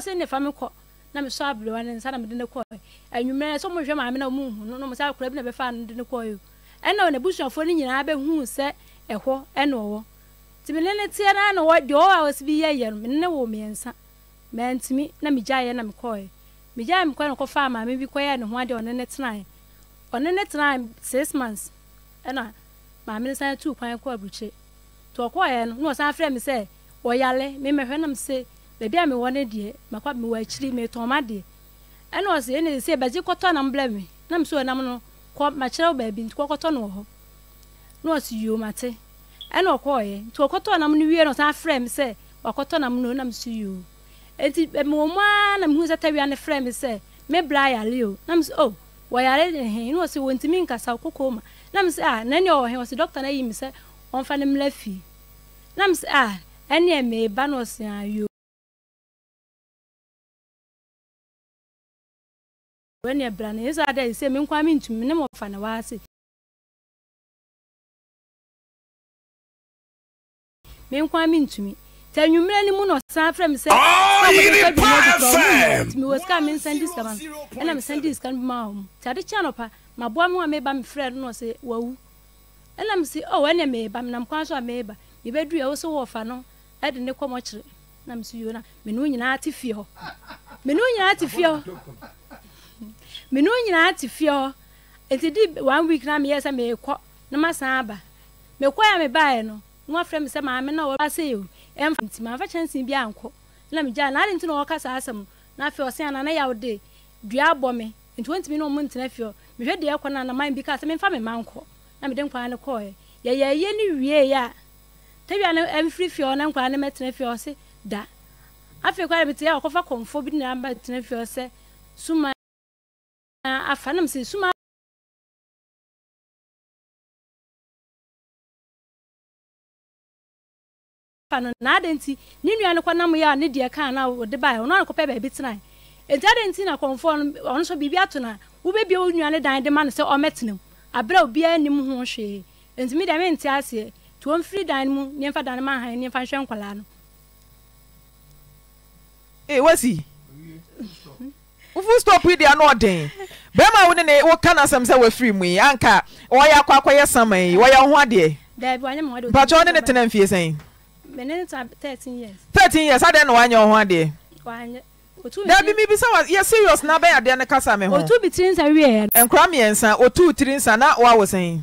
sɛ ne fa me kɔ na me sɔ aberewa ne nsa na mede ne kɔɛ anwummerɛ sɛ mohwɛ maame na mohu no nom sɛ akora bi na bɛfa no de ne kɔɛ ɛna n'abusuafoɔ no nyinaa bɛhuu sɛ ɛhɔ ɛna ɔwɔ nti mene ne teɛ no na deɛ ɔwɔ a ɔsi bi yɛyɛ no mene ne wɔ mmiɛnsa mantumi na megyaeɛ na mekɔɛ megyaeɛ mekɔɛ no kɔfaa maame bi kɔyɛɛ ne ho adeɛ ɔne ne tenaeɛ ɔne ne tenaeɛ six months ɛna maame no san tuu kwan kɔ aburukyire nti ɔkɔɔɛ no na ɔsan frɛ me sɛ ɔyale memɛhwɛ nam sɛ beebi a mewɔ ne deɛ makɔ mewɔ akyiri metɔn ma deɛ ɛna ɔsɛ ɛna sɛ bɛgye kɔtɔ nam blɛ me na mi sɛ ɔnam no kɔ makyerɛ wo baabi nti kɔkɔtɔ no wɔ hɔ na ɔsɛ yio mate ɛna ɔkɔɔyɛ nti ɔkɔtɔ nam no wie na ɔsan frɛ me sɛ wakɔtɔ nam no na mi sɛ yio nti mewɔ mu ara na mihu sɛ tawia ne frɛ me sɛ me bra yare o na mi o oh, wɔyare ne hɛn na ɔsɛ wɔntumi nkasa koko ma na mi sɛ a ah, nani ɔwɔ hɛn ɔsɛ dɔkta na yi mi sɛ ɔmfa ne mmerɛ fie na sɛ a ah, ɛne ɛmɛ ba na ɔsɛ ayoo. wɛni ɛbra oh, na yesu ada yi sɛ mi nkwa mi ntumi ne ma ɔfa na waase mi nkwa mi ntumi tɛ nwumire ni mu na ɔsan afrɛ mi sɛ ɔyiri pa fɛm mi wɔ sika mi nsɛn di sika ma ɛna mi sɛn di sika ma wɔn ti ade kyɛn nɔpa ma bɔ mi wa mi ba mi frɛ no ɔsɛ wawu ɛna mi si ɔ wɛni mi ba mi nam kwan so a mi ba mi bɛ du yɛ wosɛ wɔ ɔfa no ɛde ne kɔmɔ kyerɛ na mi si yio na mi nu nyinaa ti fie hɔ mi nu nyinaa ti fie hɔ menu nyinaa te fie hɔ nti di one week na meyɛ sɛ meekɔ na masan aba mekɔ ya mebaeɛ no na wafrɛ me sɛ maame na wɔba sɛ o ɛmfa nti mamfa kyɛnse bi ankɔ na megyaa na ade nti na wɔka saa asɛm na afei ɔsɛn ana na yaw de dua abɔ me nti wɔntumi na ɔmo ntena fie hɔ mehwɛ deɛ ɛkɔ na na man bi ka sɛ memfa me ma nkɔ na mede nkwadaa no kɔɔɛ yɛyɛ ayie no wie a tawia no ɛmfiri fie hɔ na nkwadaa no mɛtena fie hɔ se da afei kɔ a mete yɛ ɔkɔfa kɔmfo bi na mɛtena fie hɔ sɛ suma afa nam sɛ suma fa no na adɛn nti ne nua no kɔnam yɛ a ne deɛ kaa na wɔde baeɛ ɔno ano kɔpɛ baabi tenae nti adɛn nti na kɔmfoɔ no ɔno nso biribi ato no a wobɛbia wo nua no dan de ma no sɛ ɔmɛtena mu aberɛ a obiara nnim ho hwee nti me deɛ mente aseɛ nti wɔmfiri dan no mu nneɛmfa dan no ma han nneɛmfa nhwɛ nkwalaa no ee eh, wasi full stop yi deɛ no ɔden bɛrima wo ne ne woka no asɛm sɛ wafiri mu yi anka wɔyɛ akɔ akɔyɛ sama yi wɔyɛ ho adeɛ mpatwɛ wo ne ne tena mfie sɛn 13 years adɛn na woanyɛ wo ho adeɛ dabi mi bisa wa yɛ serious na bɛyɛ adeɛ no kasa me ho nkora mmiɛnsa ɔtuu tiri nsa na woawo sɛn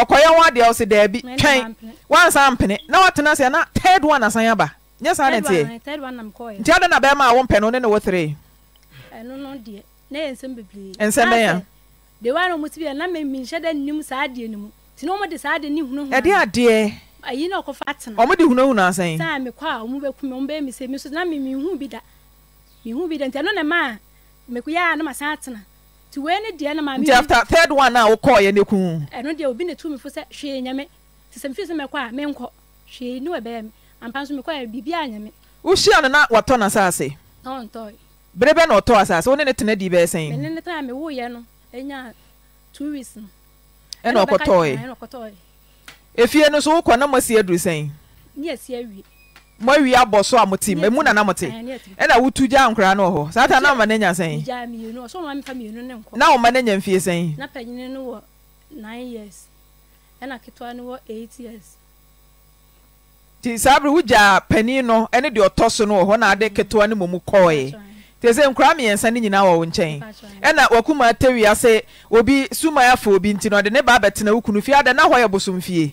ɔkɔyɛ wo adeɛ wo se daabi twɛn woansa mpene na woatena sɛ na third one asan aba nyɛ saa ne teɛ nti adɛ eh, na bɛrima a wompɛ no ne ne wo three nsɛm bɛya ɛde adeɛ ayi na ɔkɔfa atena ɔmo de hunahuna asɛn saa mi kɔ a ɔmo bɛ kum ɔmo bɛ mi se mi so na mi mi hu bi da mi hu bi da nti ɛno na ma mi ko yaa na ma san atena taft ird oe a wokɔɔyɛ no kue nɛɔr wosia no na watɔ no asase berɛ bɛ na ɔtɔ asase wo ne ne tena di bɛɛ sann ɔkɔtɔefie no so wokɔ na ma si adur san moawie abɔ so a mote ma na nana mote na wotu gya nkoraa no wɔ saa ta na woma n'anya sɛn na woma n'anya mfie sɛn nti saa bere wogyaa panin no ne deɛ ɔtɔ so no wɔ na ade ketewa no mmɔmu kɔɔeɛ nti sɛ nkoraa mmiɛnsa no nyinaa wɔ wo nkyɛn ɛna wakuma atawia sɛ obi sumae afa obi nti no ne ba bɛtena wo fie ada na hɔ yɛ bosomfie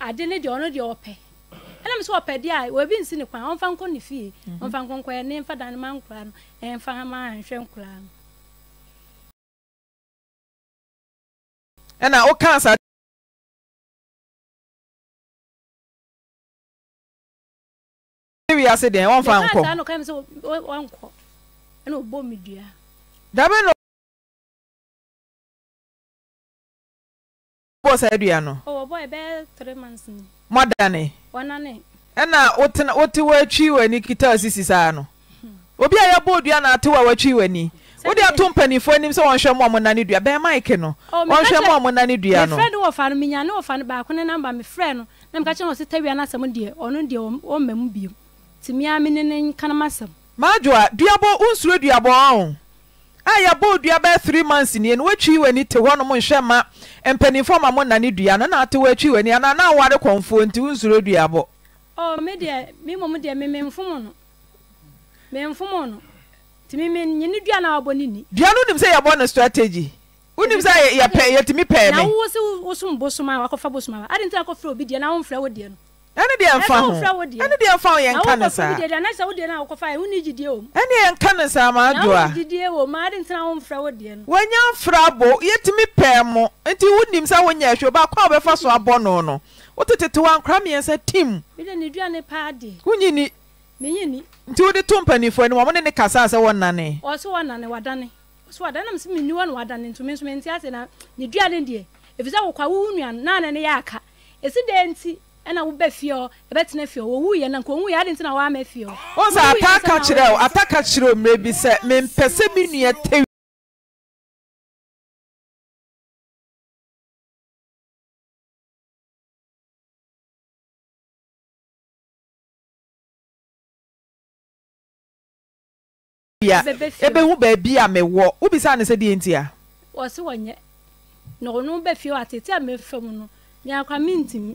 ade ne deɛ ɔno deɛ ɔpɛ ɛna sɛ ɔpɛ deɛ a obi nsi ne kwan ɔnfa nkɔ ne fie mhm. ɔnfa nkɔ nkɔ ne nfa dan ma nkora no ɛnfa ma nhwɛ nkora no. ɛna woka asa wiase deɛ wɔmfa nkɔ dabe no bɔɔ saa dua no mɔdane ɛna wote woatwi w'ani kita asisi saa no hmm. obi a yɛbɔɔ dua na ate wo a woatwi w'ani wode ato mpanimfoɔ anim sɛ wɔnhwɛ mu a mo nane dua bɛɛ maike no wɔnhwɛ mu a mo nane dua no mefrɛ no wɔfa no menya ne wɔfa no baako ne namba mefrɛ no na meka si no ɔsɛ tawia no asɛm deɛ ɔno deɛ ɔmma mu biom nti mea me ne ne nkanam asɛm maadwoa duabɔ wonsuro duabɔ ɔn a yɛbɔɔ duabɛ t3 month nnino woatwii w'ani te hɔ no mo nhwɛ ma mpanimfoma mo nnane dua no na ate woatwi w'ani anaa na ware kɔnfoɔ nti wonsuro duabɔ dua no onim sɛ yɛbɔ no strategi wonim sɛ yyɛtumi pɛɛ me ɛne deɛ mfa ho ɛne deɛ mfa ho yɛn ka ne saa ɛne yɛn ka ne saa maa do a wɔnya mfra abo yɛtumi pɛɛ mo nti wonim sɛ wonyɛ ahwɛ baako a wobɛfa so abɔ no no wotetete wɔ ankora mmiɛnsa tim wonyini nti wode to mpanimfoɔ anim ɔmo ne ne kasa sɛ wɔnane ɛfisɛ wokwa wo nua na ne ne yɛ aka ɛsi dɛ nti ɛna wobɛ fie hɔ ɛbɛtena fie hɔ wɔwu yɛ na nka ɔwu yɛ adi ntina wɔama fie hɔ. wọn sɛ ata aka kyerɛ o ata aka kyerɛ o mmerɛ bi sɛ mempɛ sɛ mi nua tewi. ebe hu baabi a mewɔ wobisa ne sɛ deɛ nti a wɔse wɔnyɛ na ɔno bɛfie hɔ atete a mefam no meakwa mentimi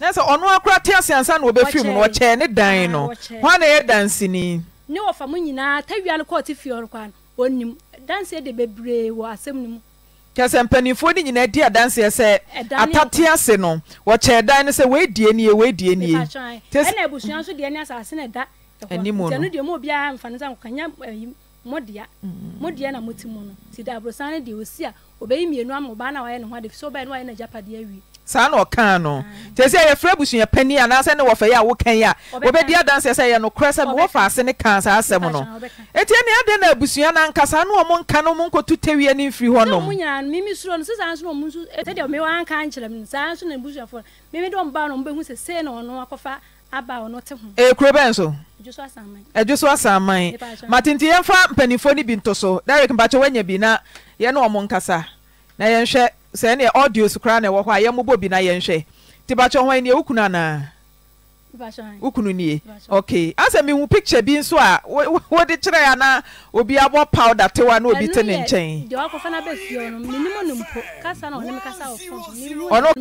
na sɛ ɔno akora te ase ansa na wɔbɛfiri mu no ɔkyɛɛ ne dan no hɔ ah, na ɛyɛ danseni ne wɔfa mu nyinaa tawia no kɔɔte fie ɔno kwa no ɔnim danseɛ de bebree wɔ asɛm no mu kyɛsɛ mpanimfoɔ no nyinaa di adanseɛ sɛ atate ase no wɔkyɛɛ dan no sɛ wɔadie nie wɔadie nie ɛna abusua nso deɛ ne asase na ɛda ɛnim ɛno deɛ mu obiara mfa no sɛ nkanya eh, mɔdea mɔdea mm-hmm. na mɔti mu no ti da aburosan ne deɛ osi a obɛyi mmienu ama ɔbaa na wayɛ ne ho ade so ɔbaa no wayɛ n'agyapadeɛ awie saa na ɔkaa no kyerɛ ah. sɛ yɛfrɛ abusua pani anaasɛ ne wɔfɛ yɛ a wokan yɛ a wɔbɛdi adanseɛ sɛ yɛ nokorɛ sɛ wɔfa ase ne kaa saa asɛm no ɛti ɛne adɛn na abusua no anka saa ne ɔmo nka no mo nkɔto tawia ne mfiri hɔ nom mimi suro no sesa nso na ɔmo nso eh, sɛdeɛ ɔmewɔ anka nkyerɛ m saa nso na abusuafoɔ mimi ɔmbaa no ɔmbɛhu sɛ sei na ɔno akɔfa ɛkuro eh, bɛn so adwo so asaaman matenti yɛmfa mpanimfoɔ no bi nto so derek mpakyɛ woanya bi na yɛne ɔ mo nkasa na yɛnhwɛ sɛ neɛ audios koraa ne ɛwɔ hɔ a yɛmmobɔ bi na yɛnhwɛ nti bakyɛ hɔ nneɛ wo kunu anaa wo kunu nie ok asɛ picture bi nso a wode kyerɛ na obi abɔ powder tiwa na obi te ne nkyɛn ɔno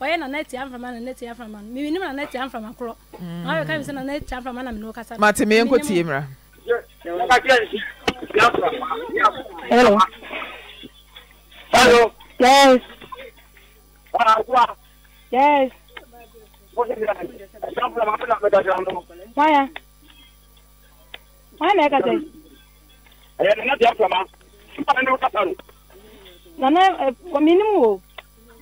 na ɔyɛ nanɛti amframa nanɛti amframa no mimi nim nanɛti amframa korɔ na ɔyɛ ka mi sɛ nanɛti amframa na mi na ɔkasa. mate mi yɛn ko tie mra. hello. hello. yes. yes. wáyà wáyà na ẹ kasa yi. ẹ yẹ nanɛti amframa. nana ɛ mi ni mu o.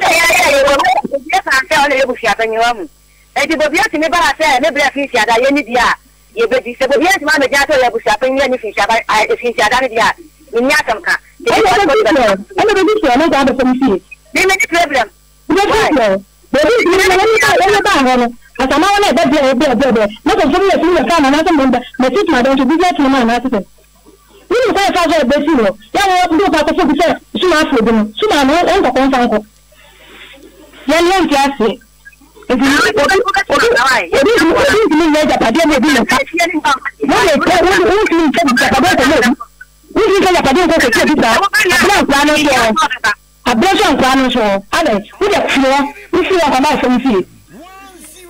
sɛ yɛayɛ yɛwɔbia saa sɛ ɔne yɛbu fiada nyewa mu ɛnti bobia tumi baa sɛ ne berɛ fi fiada yɛni di a yɛbɛdi sɛ bobia ntumi amɛgyina sɛ ɔyɛ abusuapa nyɛ ne finhyiada no di a menni asɛm ka memene problem asama wala ɛbɛ bia ɛbɛ bia bia ne ko fɔmi yɛ fɔmi yɛ fɔ anana sɛmɛ nbɛ mɛ si tuma dɔn so bi yɛ tuma ma anana sɛsɛ ni nin ko yɛ fɔ a sɔrɔ ɛbɛ si rɔ yɛ wɔ ndo ba ko fo bi sɛ suma fo bi no suma no ɛnkɔkɔ nfa nkɔ yɛnyɛ nti ase nti obi obi ntumi nyɛ japadeɛ na obi na nka wone tɛ wone wontumi nkyɛ japadeɛ nkɔ na obi wontumi nkyɛ japadeɛ nkɔ kɛkɛ bi saa abira nkwaa no soɔ abira so nkwaa no soɔ alɛ wode firi hɔ wofiri hɔ nkɔma afɔm fie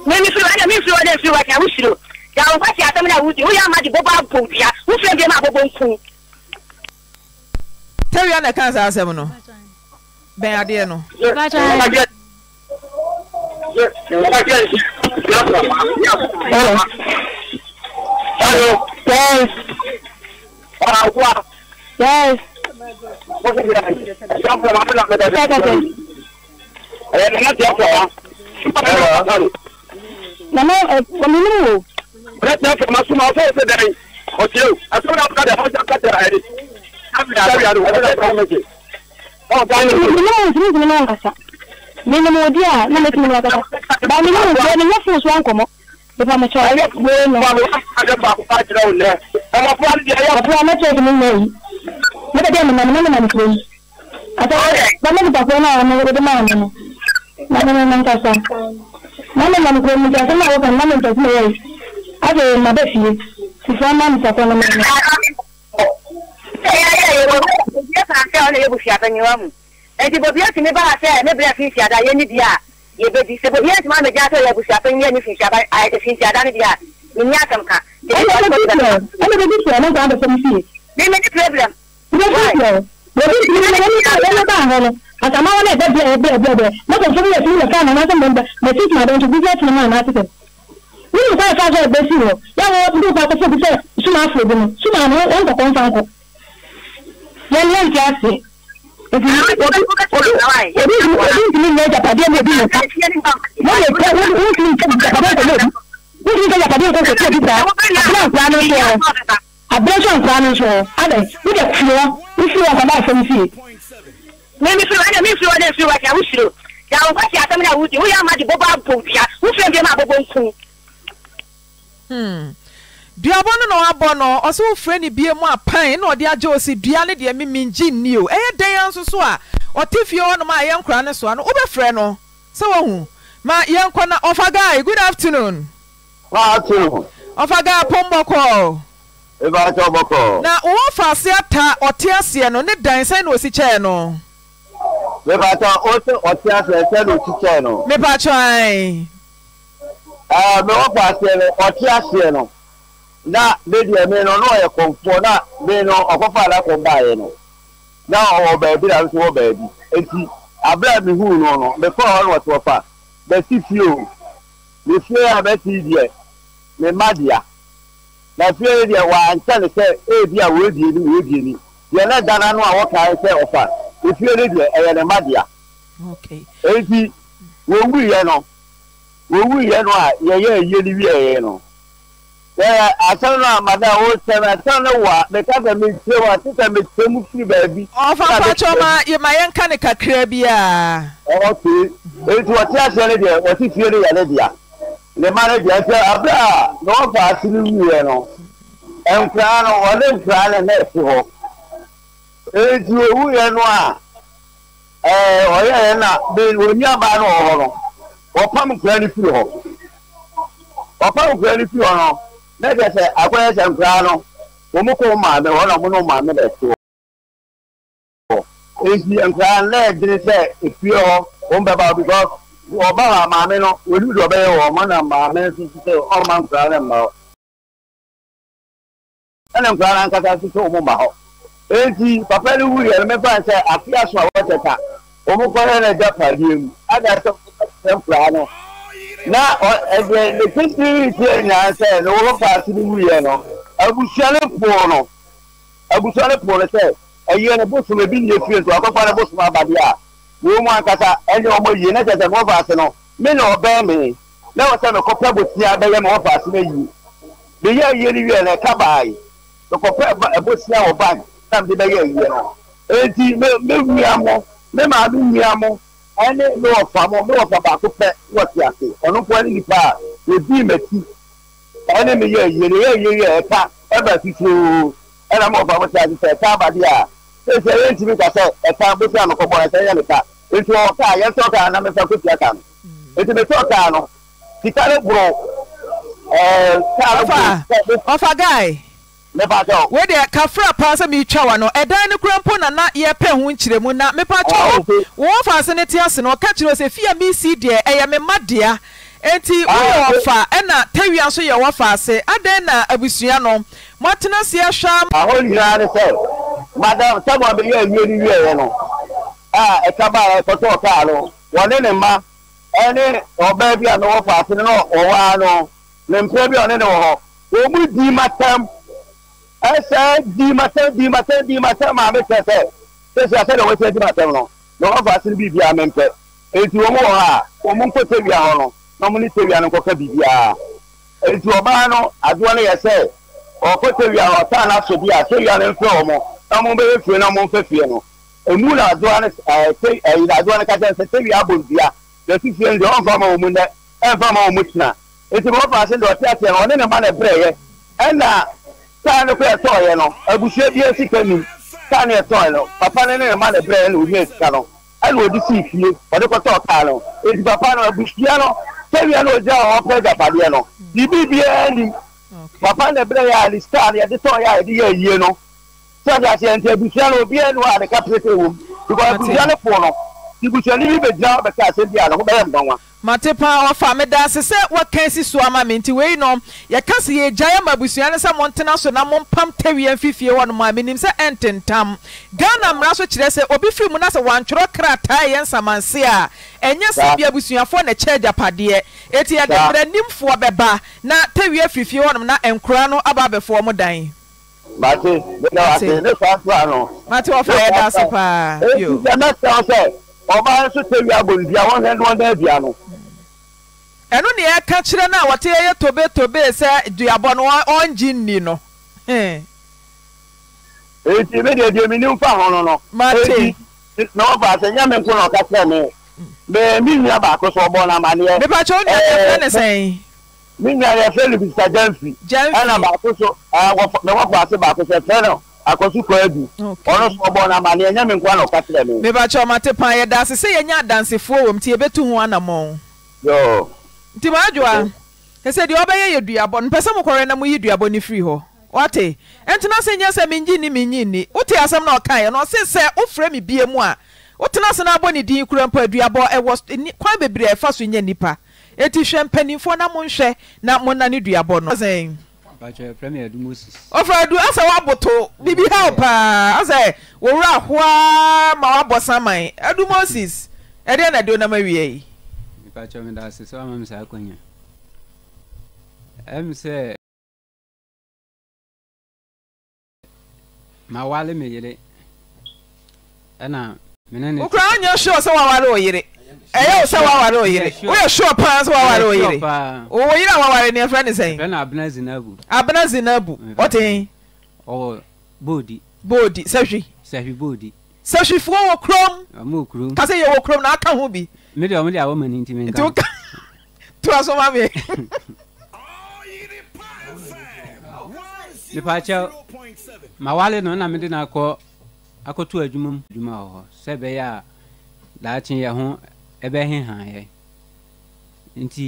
mimi firi hɔ ɛna mi firi hɔ ɛna firi hɔ ɛna wofiri hɔ yàwọn kwasi asẹmu náà wudi wúyà má di bọbọ abọ òdìyà wúfẹ bíi má bọbọ nkú. sẹ́wìá nà ká sá asẹ́mu nù bẹ́ẹ̀ adé nù. Hello. Yes. Uh, what? Yes. What's it like? Mama, ọmọ súnmọ́ ọ̀fọ̀ ọ̀fẹ́ dẹ́rẹ́ ọ̀tí o, àtúndà ọ̀kadà ọ̀jà ọ̀fẹ́ dẹ́rẹ́ ọ̀fẹ́ dẹ́rẹ́ ọ̀fẹ́ dẹ́rẹ́ ọ̀fẹ́ dẹ́rẹ́ ọ̀fẹ́ ọ̀fẹ́ ọ̀fẹ́ dẹ́rẹ́ ọ̀fẹ́ dẹ́rẹ́ ọ̀fẹ́ dẹ́rẹ́ ọ̀fẹ́ ọ̀fẹ́ dẹ́rẹ́ ọ̀fẹ́ dẹ́rẹ́ ọ̀fẹ́ dẹ́rẹ́ ọ̀fẹ́ dẹ́rẹ́ na mɛtumi ne wakasa ba me ne nsuo ne nyɛ foo so ankɔmmɔ nipa mo kyɛw wei no ɔpoa mɛkyɛw so me nna yi mɛda deɛ menam na menam kurɛ yi asɛ ba mɛ nipakoɔ no a ɔno wode maa me no na me ne nankasa na menam kurɛ mu nti asɛm a woka no na mentɛ so na yɛi afei maba fie sifoɔ ma nipakoɔ no mɛno ɛyɛ yɛ yɛ wɔ ɛyɛ sɛ asɛ ɔne yɛ bu fiada nyewa mu ɛnti bobi atumi baa sɛ ne berɛ fi fiada yɛ ne bi a yɛbɛdi sɛ yɛ ntoma mɛgya sɛ yɛ abusuafo nyɛ ne finsiaba ayɛ finsiada no deɛ a menni asɛm ka ɛna bɛbi sɛ ɛna saa bɛsɛm fie meme ne problem asama wọn ẹbẹ bẹ ẹbẹ ẹbẹ ẹbẹ mọtò fún mi ẹsẹ mi lẹka àwọn ọmọdé mọba mẹsì tí màdé ntò bíbí ẹtì náà n'asẹ nínú nǹkan ẹ̀ka sọ ẹgbẹ́ sí wọ yà wọ ndí nǹkan akọ́fọ́ bi sẹ súnmọ́ afọ ebi mu súnmọ́ àná ẹ̀ ń kọ̀kọ́ nfa nkọ yẹn ní ẹ̀ ń ti àṣẹ nti obi obi ntumi nyɛ japadeɛ na ebi yɛ fa wọn yɛ kɛ wọn wọn ntumi nkɛ japadeɛ nkɔ lɛ wọn ntumi nkɛ japadeɛ nkɔ kɔkɔ bi saa abira nkura no nso abira nso nkura no nso abɛ wudɛ fiwɔ wofiwɔ kaba asɛm fie. mímí fiwɔ ɛnna mímí fiwɔ ɛnna fiwɔ ɛnna wusiro yàrá nkɔ si asɛm na wudi wúyà má di bɔbɔ abò wia wúfiwɔ bi ma abɔbɔ nkun duaba no na wabɔ no ɔsɛ wofrɛ ne bie mu a pan na ɔde agye osi dua ne deɛ mimi ngye nni o ɛyɛ dan nso so a ɔte fie hɔnom a yɛn nkora ne soa no wobɛfrɛ no sɛ wohu ma yɛn nkɔ na ɔfa guy good afternoon ɔfa guy pombɔkɔ na wɔn fa ase ata ɔte aseɛ no ne dan sɛn na osi kyɛɛ no mepatɔ ɔte ɔte aseɛ sɛn na osi kyɛɛ no mepatɔ ɛɛ ah, mewɔ fa aseɛ no ɔte aseɛ no na ne deɛ me no na ɔyɛ kɔnfoɔ na me no ɔkɔfa adakɔn baeɛ no na ɔwɔ baabi na nso wɔ baabi nti abira mi hu no no mekɔ hɔ na wɔte ɔfa bɛsi fie o ne fie a bɛsi deɛ ne mma dea na fie yi deɛ wɔankyɛ ne sɛ ebi a wɔredie ni wɔredie ni deɛ ne dana no a wɔkae sɛ ɔfa efie ne deɛ ɛyɛ ne mma dea eti wɔwu yɛ no wɔwu yɛ no a yɛyɛ yie ni wi ɛyɛ no yɛrɛ asɛn amada a wosɛn asɛn no wa meka sɛ metie wa sisɛ metie mu firi baabi. ɔfafa kyɛma yɛma yɛnka ne kakra bi a. ɔkè eti wɔte aseɛ ne deɛ wɔte fie ne yɛ ne ne ma ne deɛ sɛ abira a na wɔfa ase ne wuyɛ no nkura no wɔde nkura ne na ɛsi hɔ eti owu yɛ no a ɛɛ ɔyɛ yɛ na de wɔnyi abaa no wɔ hɔ no wɔpam nkura ne firi hɔ wɔpam nkura ne firi hɔ no. mɛkɛ sɛ akɔyɛ sɛ nkoraa no wɔn kɔ maame wɔn na wɔn ne maame na ɛtoɔ nti nkoraa no na ɛdini sɛ efie hɔ wɔn bɛba because ɔba wa maame no wɔn de ɔbɛyɛ wɔn na maame nso sɛ ɔma nkoraa no mma hɔ ɛna nkoraa no ankasa nso sɛ ma hɔ papa no yɛ no mɛfa afi aso a wɔtɛta wɔn kɔ yɛ no padeɛ mu ada na ɛdeɛ ne titiri tie nyinaa sɛ ne wɔn paase ne wuyɛ no abusua ne poɔ no abusua ne poɔ no sɛ ɛyɛ ne bosom ebi nye fie nso akɔfa ne bosom abadeɛ a wɔn mu ankasa ɛne wɔn yie ne kyerɛ sɛ wɔn paase no me na ɔbɛn me na wɔsɛ me kɔpɛ bosia bɛyɛ me wɔn paase ne yie ne yɛ yie ne wiɛ na ɛka baa yi me kɔpɛ bosia wɔ ban na me de bɛyɛ yie no eti me me wia mo me maame wia mo ɛne ne wɔ famɔ ne wɔ fa baako pɛ ne wɔ te ase ɔno nko ne nipa a odi mɛti ɛne me yɛ yere yɛ yere ɛka ɛba fitoo ɛna mo fa mo te ase sɛ ɛka abade a sɛsɛ yɛn ti mi ka sɛ ɛka bosi ano kɔbɔ ɛsɛ yɛ ne ka nti wɔ kaa yɛn sɛ ɔkaa na mɛ fa ko tia ka no nti mɛ sɛ ɔkaa no sika ne boro ɛɛ kaa ne boro ɔfa ɔfa guy wede kafra paa sɛ meretwa wa no ɛdan no kora mpo na na yɛpɛ ho nkyerɛmu na mepa oh, kyɛ wo wɔfa ase ne te ase no ɔka kyerɛ sɛ fie a mesi deɛ ɛyɛ me ma dea enti ah, woyɛ ɔfa ɛna tawia nso yɛ wɔfa ase adɛn na abusua no moatena se ahwɛ ahɔ nyinaa ne sɛ madam sɛmoa bɛyɛ awie no wieɛ no a ɛka baa ɛkɔtɔ ɔkaa no wɔne ne mma ɛne ɔbaa bi a na wɔfa ase no na ɔwɔ a no ne mpɛ bi a ɔne ne wɔ hɔ wɔn mu di ma tɛm ẹsẹ̀ di matẹ́ di matẹ́ di matẹ́ maame kẹsẹ̀ sẹ́sẹ̀ asẹ́ na wọ́n ti di matẹ́ no na wọ́n fa asiri bíbí amẹ́ mpẹ́ eti wọ́n wọ̀ ha wọ́n mu nkọ́ tẹ̀wia hɔ no na wọ́n ní tẹ̀wia no nkọ́ka bíbí a eti ɔbaa no adoɔ no yɛ sɛ ɔkọ́ tẹ̀wia n'aso bi a tẹ̀wia no nfẹ́ wɔn na wɔn bɛyɛ fie na wɔn fẹ́ fie no emu na adoɔ no ɛɛ tẹ ɛyi na adoɔ no kata sɛ tẹ̀wia abɔ ndua na esi fie ndua ɔnfa ma wɔn mu nɛ ɛnfa ma wɔn mu tena eti wɔn fa ase ndɛ ɔte ateɛ no ɔne ne ma na ɛbrɛ yɛ ɛna saa ne ko ɛtɔɔ yɛ no abusua bi esi ka nim saa ne ɛtɔɔ yɛ no papa ne ne ne ma ne brɛ na onye sika no ɛna odi si fie ɔde kɔtɔɔ kaa no eti papa no abusua no sɛwia no ogyina hɔ pɛ gyapadeɛ no biribi biara nim papa ne brɛ yɛ a ne sika no yɛde tɔɔ yɛ a yɛde yɛ yie no sɛde aseɛ nti abusua no obiara ni hɔ a ne ka pete wɔ mu because ne no po no ibusua no bi bɛ gyina hɔ bɛka asɛm bi a ne ho bɛyɛ mbawa mate paa ɔfa me daase sɛ wɔka si so ama me nti wei no yɛka sɛ yɛgyae ama abusua no sɛ montena so na mompam tawia mfifie hɔ nom a menim sɛ ɛntentam ghana mmara so kyerɛ sɛ obi firi mu na sɛ wantwerɛ krataa ɛyɛ nsamanse a ɛnyɛ sɛ bi abusuafoɔ na kyɛ agyapadeɛ ɛti yɛde mmeranimfoɔ bɛba na tawia firifie hɔ nom na nkora no aba abɛfoɔ mo dan mate mate ne fa fa no mate ɔfa yɛ daase paa ɛnti sɛ mɛsɛ sɛ ɔbaa nso tawia abɔndua wɔn hɛ no ɔna adua no ɛno ne yɛka kyerɛ no a wɔte yɛyɛ tobetobe sɛ duabɔ no ɔngye nni no eti mi de die mi ni nfa hɔn no no eti na ɔba sɛ nyame nko na ɔka kyerɛ mi bɛɛ mi nua baako so ɔbɔ na amaneɛ nipa kyɛw nua yɛ fɛ ne sɛn mi nua yɛ fɛ libisa jɛnfi ɛna baako so ɛɛ wɔfɔ na wɔfɔ ase baako sɛ fɛ no akɔsu edu ɔno so ɔbɔ na amaneɛ nyame nko na ɔka kyerɛ mi. nipa kyɛw ma te pan yɛ daase sɛ yɛnyɛ adansefoɔ wɔm ti ebetu ho anamɔn. yoo nti maadwoa ɛsɛ deɛ ɔbɛyɛ yɛ duabɔ no mpɛ sɛ mokɔrɛ na moyi duabɔ no firi hɔ wate ɛntena sɛ nyɛ sɛ mengye ni menyi ni wote asɛm na ɔkaeɛ no ɔse sɛ wofrɛ me bie mu a wotena se no abɔ ne din kura mpo aduabɔ ɛwɔ kwan bebree ɛfa so nyɛ nnipa ɛti hwɛ mpanimfoɔ na monhwɛ na monna ne duabɔ no ɔfrɛ adu asɛ woaboto biribi haw paa asɛ wɔwura ahoa ma woabɔ saman adu moses ɛdeɛ na de wonam awiei patsɔ mi da ase sɛ wama mi saa akonya ɛm sɛ ma wale mi yere ɛna mene ne. okura anya sure sɛ wawale o yere ɛyɛ o sɛ wawale o yere woyɛ sure paa sɛ wawale o yere o yere ni ɛfrɛ ni sɛn. fɛn na abena zinabu. abena zinabu ɔtɛn. ɔwɔ boodi. boodi sɛhwi. sɛhwi boodi. sɛhwifoɔ wɔ kurom. ɔmo wɔ kurom. kasɛ yɛ wɔ kurom na aka ho bi mede ɔmode awɔ ma no ntimi nti woka toa so ma me mepaakyɛ mawale no na mede no akɔ akɔto adwuma mu adwuma wɔ hɔ sɛ ɛbɛyɛ a daakye yɛ ho ɛbɛhehaeɛ nti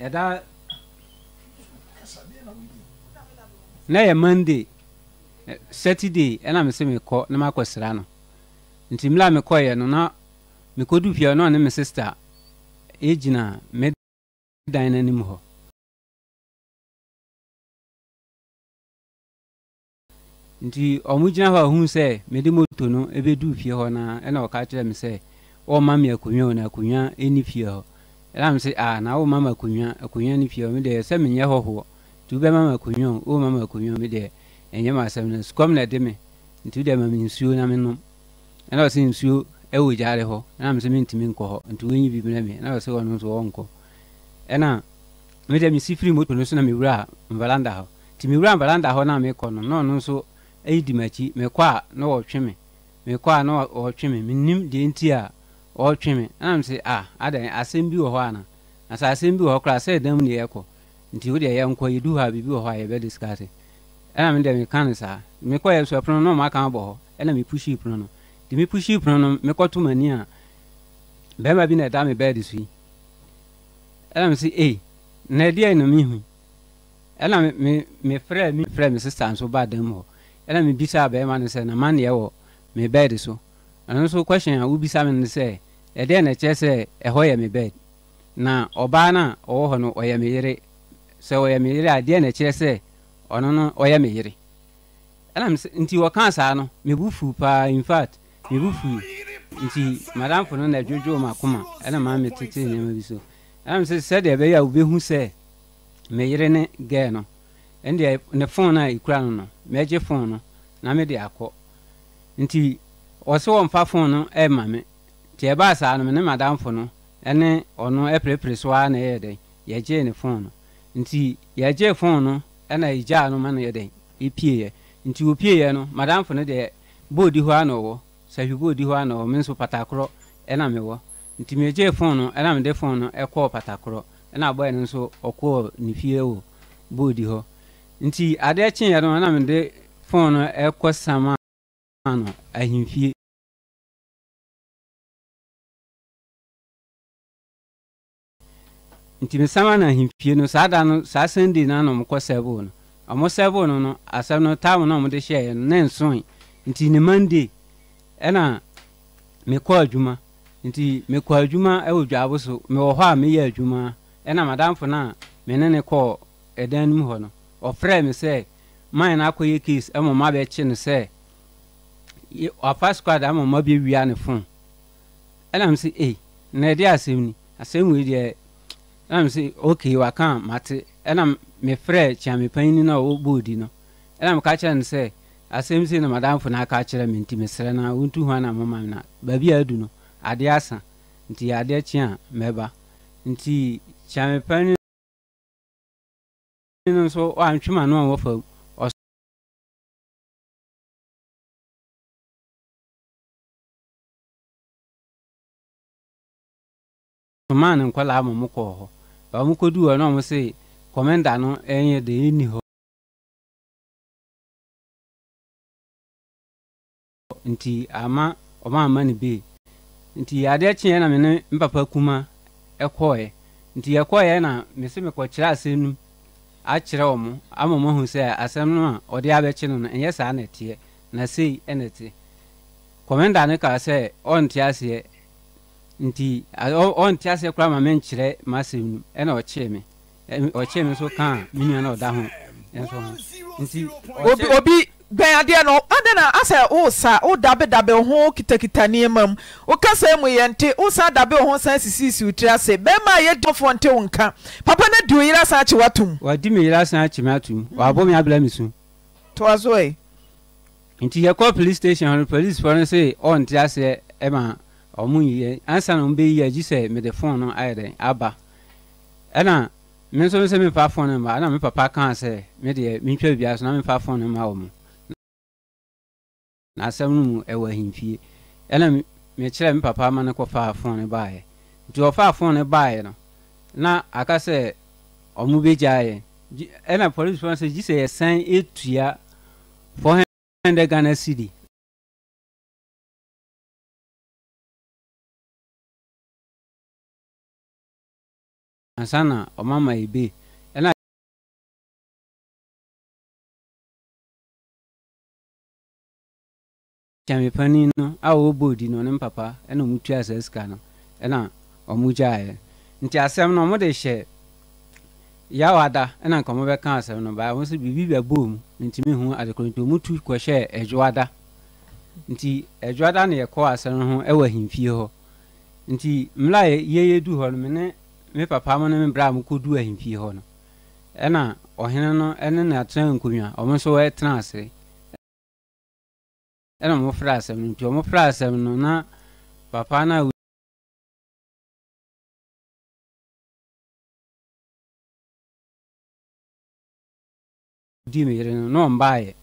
ɛda na yɛ monday saturday ɛna me se mekɔ na makɔsra no nti mmla mekɔyɛ no na mekodu fie ɔno ɔne me sista egyina me dan n'anim hɔ nti ɔmo gyina hɔ a mede moto no fie na ɛna ɔka kyerɛ me sɛ ɔma na akonnwa ɛni fie hɔ ɛna me sɛ na ɔma mi akonnwa akonnwa ni fie hɔ me deɛ sɛ me hɔhoɔ nti wobɛma mi akonnwa o ɔma mi akonnwa me deɛ ɛnyɛ mi asɛm no sukɔm na ɛde me nti nsuo na ɛna nsuo ɛwɔ gyaade hɔ na mesɛ mentumi nkɔ hɔ nti wɔnyi na me na wɔsɛ ɔno nso wɔnkɔ ɛna mede mesi firi moto no so na mewura mvalanda hɔ nti mewura mvalanda hɔ na mekɔ no na ɔno nso ayi di makyi mekɔ a na wɔtwe me mekɔ a na wɔtwe me mennim deɛ a me na mesɛ a adɛn asɛm bi wɔ hɔ ana na asɛm bi wɔ hɔ koraa nti yɛdu hɔ a biribi wɔ hɔ a tɩ mi pusi no me kɔ tʋma nia bɛma bɩ nɛta me bɛɛdɩ sui ɛlam sɩ e nɛdɩɛ na mi hui ɛlam mi frɛ mi frɛ mi sɩsãn so ba dɛm hɔ ɛlam mi bisa bɛma nɩ sɛ na man yɛ wɔ mi bɛɛdɩ so ɛnu so kɔsɛn a ubisa me nɩ sɛ ɛdɩɛ nɛ kyɛ sɛ ɛhɔ yɛ mi bɛɛd na ɔbaa na ɔwɔ hɔ no ɔyɛ mi yere sɛ ɔyɛ mi yere a deɛ nɛ kyerɛ sɛ ɔno no ɔyɛ mi yere ɛlam nti wɔkaa saa no mi bu fuu paa in fact yɛbufui nti madamfo no na dwodwoo makoma ɛna maa tete nneɛma bi so ɛnam sɛ sɛdeɛ ɛbɛyɛ a wobɛhu sɛ meyere ne gɛɛ no ɛndeɛ ne fon no a no no mɛgye fon no na mede akɔ nti fon no ɛma me nti ɛbaa saa no me ne madamfo no ɛne ɔno so na ɛyɛ dɛn ne fon no nti fon no ɛna no ma no nti no madamfo no deɛ hɔ na ɔwɔ safigo di hɔ na ɔme nso patakorɔ ɛna mewɔ nti megye fon no ɛna mede fon no ɛkɔɔ patakorɔ ɛna abɔɛ no nso ɔkɔɔ ne fie wɔ boodi hɔ nti adeɛ kyeeɛ no ɛna mede fon no ɛkɔ sama no ahemfie nti mesama no ahemfie no saa da no saa sɛnde no ana ɔmokɔ sɛboo no ɔmo sɛboo no no asɛm no tam no ɔmode hyɛeɛ no ne nsoe nti ne ɛna mekɔ adwuma nti mekɔ adwuma ɛwɔ dwaabo so mewɔ hɔ a meyɛ adwuma ɛna madamfo no a me ne ne kɔɔ ɛdan no mu hɔ no ɔfrɛɛ me sɛ man no akɔyɛ case ɛma ma bɛkye no sɛ wafa squad ama ma bɛwia ne fo ɛnam sɛ ei na ɛde asɛm ni asɛm wei deɛ ɛnam sɛ ok waka mate ɛna mefrɛ kyiamepanini no a ɔbɔɔdi no ɛna meka kyerɛ no sɛ asɛm sei na madamfo no aka kyerɛ me nti mesrɛ no wontu hɔ na mama na baabi a adu no adeɛ asa nti adeɛ kye a mɛba nti kyamepɛ no nso ɔantwema no a wɔfa ɔmaa ne nkɔlaa ma mo kɔɔ hɔ ba mo kɔduu hɔ na ɔmo se kɔmɛnda no ɛnyɛ de ɛnni hɔ nti ama ɔma ama no bie nti adeɛ kyeɛ na me mpapa kuma ɛkɔɛ. nti yɛkɔɔɛ na mese mekɔkyerɛ asɛm no akyerɛ wɔ mo ama mo ahu sɛ asɛm no a ɔde abɛkye no no ɛnyɛ saa na ɛteɛ na sei ɛna ɛte kɔmenda no kaa sɛ ɔnte aseɛ nti ɔnte aseɛ koraa ma menkyerɛ m'asɛm no ɛna ɔkyee me ɔkyee me nso kaa me na ɔda ho ɛnso ho nti obi bɛn adeɛ no adeɛ na asɛ wosa wodabe dabe ho kitakita nneɛma mu wokasa mu yɛ nte wosa dabe ho san sisisi wo tiri ase bɛrima a yɛdi ɔfoɔ nte wo nka papa ne di oyera san akye watom wadi me yera san akye me atom wabɔ me abla me so toa so ɛ nti yɛkɔ police station hɔ no policefoɔ no se ɔnte aseɛ ɛma ɔmo yiyɛ ansa na ɔmbɛyi agyi sɛ mede phone no ayɛ dɛn aba ɛna me nso sɛ memfa fon no mma na me papa kaa sɛ medeɛ mentwa biribiara so na memfa fon no mma wɔ na asɛm no mu ɛwɔ ahemfie ɛna mekyerɛ me papa ma no kɔfaa fone baeɛ nti ɔfaa fone baeɛ no na aka sɛ ɔmo bɛgyaeɛ ɛna polisi fɔ sɛ gye sɛ yɛsan ɛtua 400 ghana cedi ansa na ɔmama ebe. kyame panin no a ɔwɔ boodi no ne mpapa ɛna ɔmo tua saa sika no ɛna ɔmo gyaeɛ nti asɛm no ɔmo de hyɛ yawada ɛna nka ɔmo bɛka asɛm no baa ɔmo sɛ biribi bɛ bɔ mu nti mi hu adekoro nti ɔmo tu kɔhyɛ ada. nti ada na yɛkɔ asɛm no ho ɛwɔ ahemfie hɔ nti mmla yɛyɛ du hɔ no me me papa mo ne me bra mo kɔdu ahemfie hɔ no ɛna ɔhene no ɛne na atena nkonnwa ɔmo nso ɛtena ase ɛna mofra asɛm no nti ɔmofra asɛm no na papa no a di me yere no na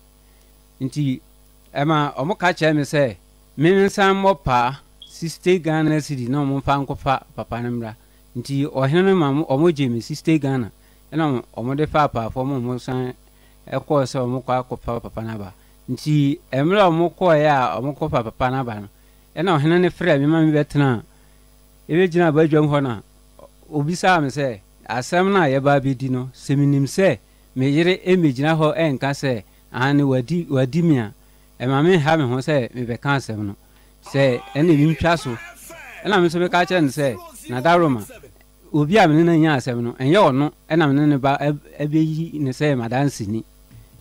nti ɛma ɔmo kyerɛ me sɛ paa siste ghana sidi na ɔmo nkɔfa papa no nti ɔhene no ma ɔmo me siste ghana ɛna fa apaafoɔ ma ɛkɔɔ sɛ papa no nti mmerɛ a ɔmokɔeɛ a ɔmokɔ pa papa no aba no ɛna ɔhene no frɛ me ma me bɛtena a ɛbɛgyina abadwam hɔ no a obisaa me sɛ asɛm no a yɛba bɛdi no sɛ menim sɛ meyere ɛmɛgyina eh, hɔ ɛnka sɛ ane wadi, wadi me a ɛma menha me ho sɛ mebɛka asɛm no sɛ ɛna bi so ɛna me nso meka kyerɛ no sɛ nadaroma obi a mene no nya asɛm no ɛnyɛ ɔno ɛna mene ne ba ɛbɛyi ne sɛ madansini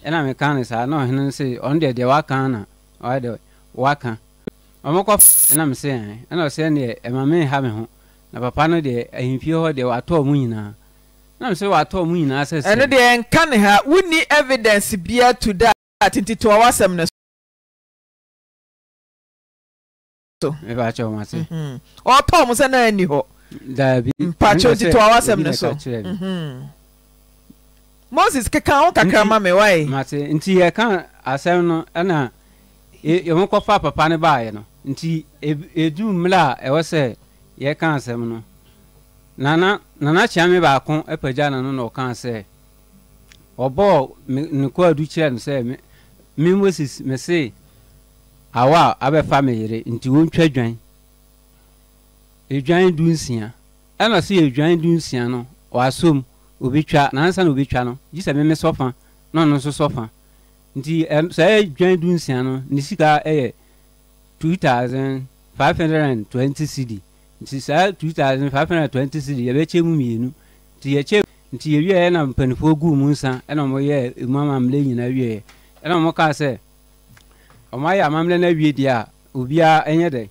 ɛna mi kan ne saa na ɔhene se ɔno deɛ deɛ wakan na ɔyɛ deɛ wakan ɔmo kɔ ɛna mi se ɛn ɛna ɔsɛ deɛ ɛma ha mi ho na papa no deɛ ahemfie hɔ deɛ watɔ ɔmo nyinaa na mi se watɔ ɔmo nyinaa sɛ sɛ. ɛno deɛ nka ne ha wunni evidence bia to da tete to ɔwɔ asɛm ne so. ɛbɛ akyɛ ɔmo ase. Mhm. ɔtɔ ɔmo sɛ naa ni hɔ. daabi mpakyɛw tete ɔwɔ asɛm ne so moses keka ho kakra ma me wae mate nti yɛka asɛm no ɛna yɛmo kɔfa papa ne baeɛ no nti ɛdu mmerɛ a ɛwɔ sɛ yɛka asɛm no nana nana kyea me baako apagya nano na ɔkaa sɛ ɔbɔɔ ne kɔadu kyerɛ no sɛ me moses me se awa a abɛfa me yere nti wɔntwa dwan edwan dunsia ɛna sɛ yɛ dwan dunsia no ɔasom obi twa nansa na obi twa no gye sɛ meme sɔ fa na ɔno nso sɔ fa nti saa dwan du nsia no ne sika yɛ two thousand five hundred and twenty cd nti saa two thousand five hundred and twenty cd yɛbɛkyɛ mu mmienu nti yɛkyɛ nti yɛwieɛ na mpanimfoɔ guu mu nsa ɛna wɔyɛ emu amammerɛ nyinaa wieɛ ɛna wɔkaa sɛ wɔayɛ amammerɛ no awie deɛ a obiara ɛnyɛ dɛ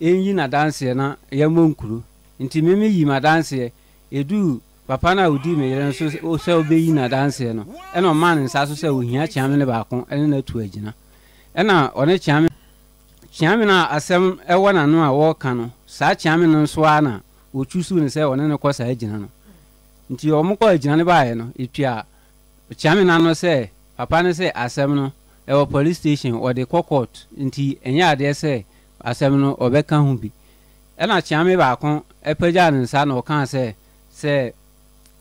ɛnyi n'adanseɛ na yɛmmɔ nkuro nti meme yi m'adanseɛ ɛduu papa no a wodii meyerɛ no sɛ wobɛyi nadanseɛ no ɛna ɔma ne nsa so sɛ ohia kyeame ne baako ɛne natu agyina ɛna ɔne kyeame kyeame no a asɛm ɛwɔ nano a wɔreka no saa kyeame no nso a na wɔtwu suu no sɛ ɔne ne kɔ saa agyina no nti ɔmo kɔ agyina no no kyeame no ano sɛ papa no sɛ asɛm no ɛwɔ police station ɔde kɔ court nti ɛnyɛ adeɛ sɛ asɛm no ɔbɛka ho bi ɛna kyeame baako ɛpagyaa ne nsa na sɛ sɛ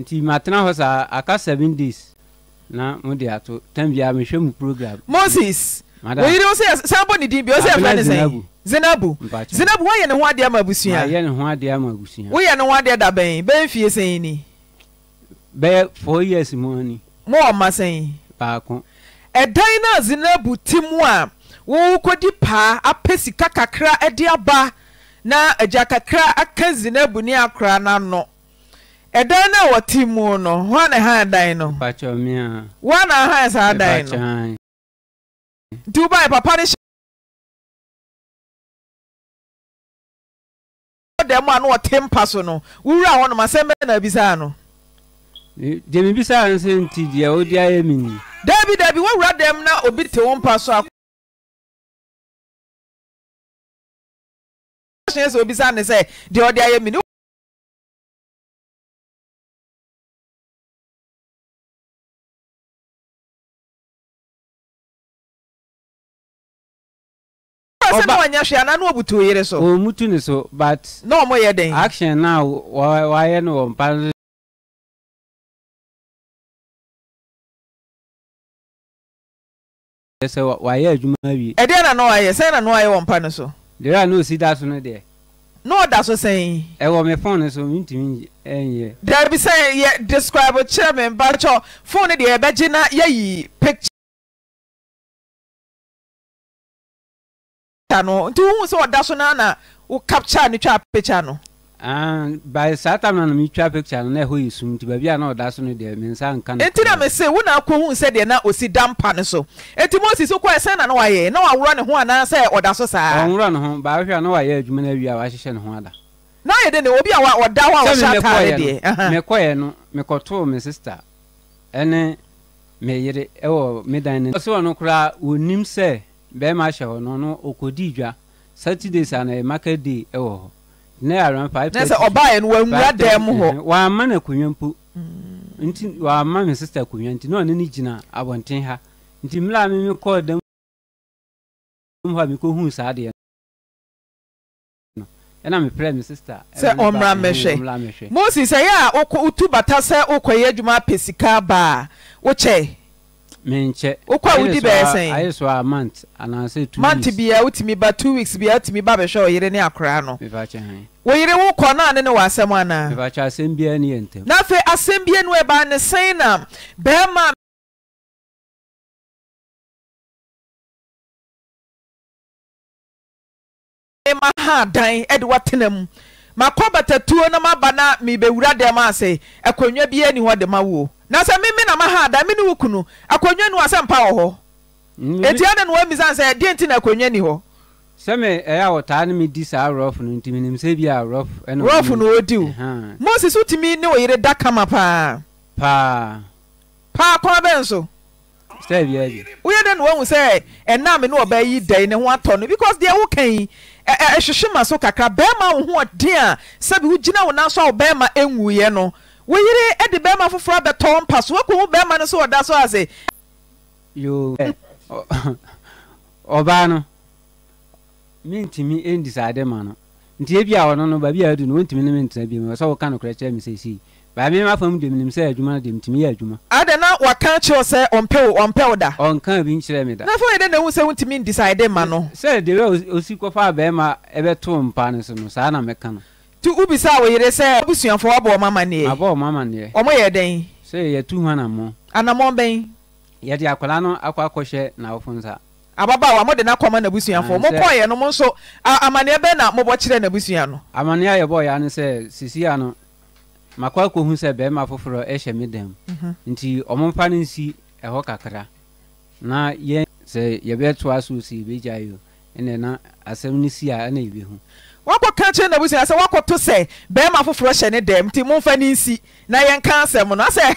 nti matena hɔ saa aka seven days na mo de ato tam bia mehwɛ mu program. moses oyiri o sɛ san bɔ ne din bi o sɛ fɛn nisɛn zinabu zinabu wɔyɛ ne ho adeɛ ama abusua. wɔyɛ ne ho adeɛ ama abusua. wɔyɛ ne ho adeɛ da bɛn bɛn fie sɛn ni. bɛyɛ four years mu ani. mo wɔ ma sɛn. baako. ɛdan na zinabu ti mu a wɔkɔdi paa apɛ sika kakra ɛde aba na agya kakra aka zinabu ne akora n'ano ɛdan no a wɔte mu no hɔ na ha dan no wɔ na ha saa dan no nti wobaɛ papa no hyɛ dɛm a na wɔte mpa so no wowura hɔ asɛm bɛ na abisaa no deɛ mebisaa no sɛ nti deɛ wode ayɛ me ni daabi daabi woawura dɛm na obi te wo mpa so a sɛ obisa ne sɛ deɛ ɔde ayɛ me ni sɛ na wɔnyɛ hwɛ anaa na wɔbutu yere so wɔmutu ne so but na ɔmo yɛ dɛn action na wɔayɛ no wɔ mpa sɛ wayɛ adwuma wie ɛdeɛ na na wayɛ sɛn na na wayɛ wɔ mpa no so deɛ a na osi da so no deɛ na ɔda so sɛn ɛwɔ me phone so mentumi ɛnyɛ daabi sɛ yɛ describe kyerɛ me mpa kyɛ phone deɛ yɛbɛgye na yɛyi picture nti wohu sɛ ɔda so na wo capture no twa picture no ah, by saa na metwa picture no na ɛhɔ yɛ sum nti baabi na ɔda so no deɛ mensa nka no na mese wo na akɔhu na ɔsi da no so na na wayɛ na waworɔ ne ho anaa so saa ne ho baahwɛ na wayɛ adwuma no awie a wahyehyɛ ne ho ada na yɛ de ne obi a ɔda hɔ a deɛ no mekɔtoo me sister ɛne ɛwɔ koraa wɔnim bɛrima ahyɛ hɔ no no ɔkɔdi dwa saturdays ana eh, maka day wɔ hɔ ne five thirty sɛ ɔbaayɛ no wanwura dan mu hɔ wamma no akonnwa mm. na ɔne gyina abɔnten ha nti mmerɛ a meme kɔɔ dam hɔ a mekɔhuu saa deɛ ɛna me sɛ a wotu menkyɛ wokɔ a wodi bɛyɛ sɛn ayɛ so a month anaasɛ two month bia wotumi ba two weeks bia wotumi ba bɛhwɛ wo yere ne akoraa no wo yere wo kɔ no a ne ne wɔ asɛm anaa mefakyɛ asɛm biara ne yɛ ntam na afei asɛm bia no ɛbaa ne sɛn na bɛrima ma ha dan de watena mu makɔ batatuo na maba na mebɛwura dɛm ase akonnwa biara ni hɔ de ma na sɛ meme namaha dame no wo ku no akannwa ne w a sɛ mpa wɔ hɔ ɛnti adɛ no wami sane sɛ deɛ nti n akanwani hɔrfnoi moses wotumi ne wo yere da kama paa paa kona bɛso woyɛ dɛ no woamu sɛ ɛna me ne wɔbayi dae no ho atɔ no becaus deɛ wokai hwehwe ma so kakra bɛrima wo hoɔden a sɛ bi ho gyina wo na nso a wobɛrima ɛwuiɛ no wo yere eh, de bɛrima foforɔ abɛtɔ mpa so wokohu bɛrima no so ɔda so ase yo ɔbaa eh, no mentumi ɛndi saa de ma no nti ebi a ɔno no baabi a adu no wɔntumi ne mentena bi mu sɛ woka nokorɛ kyerɛ me sɛsii baa me mafam de menim sɛ adwuma no de metumi yɛ adwuma ada na waka kyerɛ sɛ ɔmpɛ wo ɔmpɛ wo da ɔnka bi nkyerɛ me da na fa yɛ dɛ na hu sɛ wontumi ndi saa de ma no sɛ de bɛ osi kɔfa bɛrima ɛbɛtoo mpa no so no saa na mɛka no nti wobisa e. e. wo yere sɛ obusuafoɔ wabɔ ɔma amanneɛ ɔmo yɛ dɛn sɛ yɛtu ho anammɔ anammɔ bɛn yɛde akwara no akɔ akɔhyɛ n'awofo nsa ababa wa mode n'akɔma n'abusuafoɔ mokɔɔyɛ no mo nso amanneɛ bɛn na mobɔkyerɛ n'abusua no amanneɛ a ya, ne sɛ sisia no makɔ akɔhu sɛ bɛrima foforɔ ɛhyɛ e me dam mhm. nti ɔmomfa no nsi ɛhɔ kakra na yɛn sɛ yɛbɛtoa so si yɛbɛgyae o ɛnɛ na asɛm no si a ɛna yɛbɛhu wakɔ ka kyerɛ nabusua sɛ wakɔto sɛ bɛrima foforɔ hyɛ ne dɛm nti momfa ne nsi na yɛnka asɛm no asɛ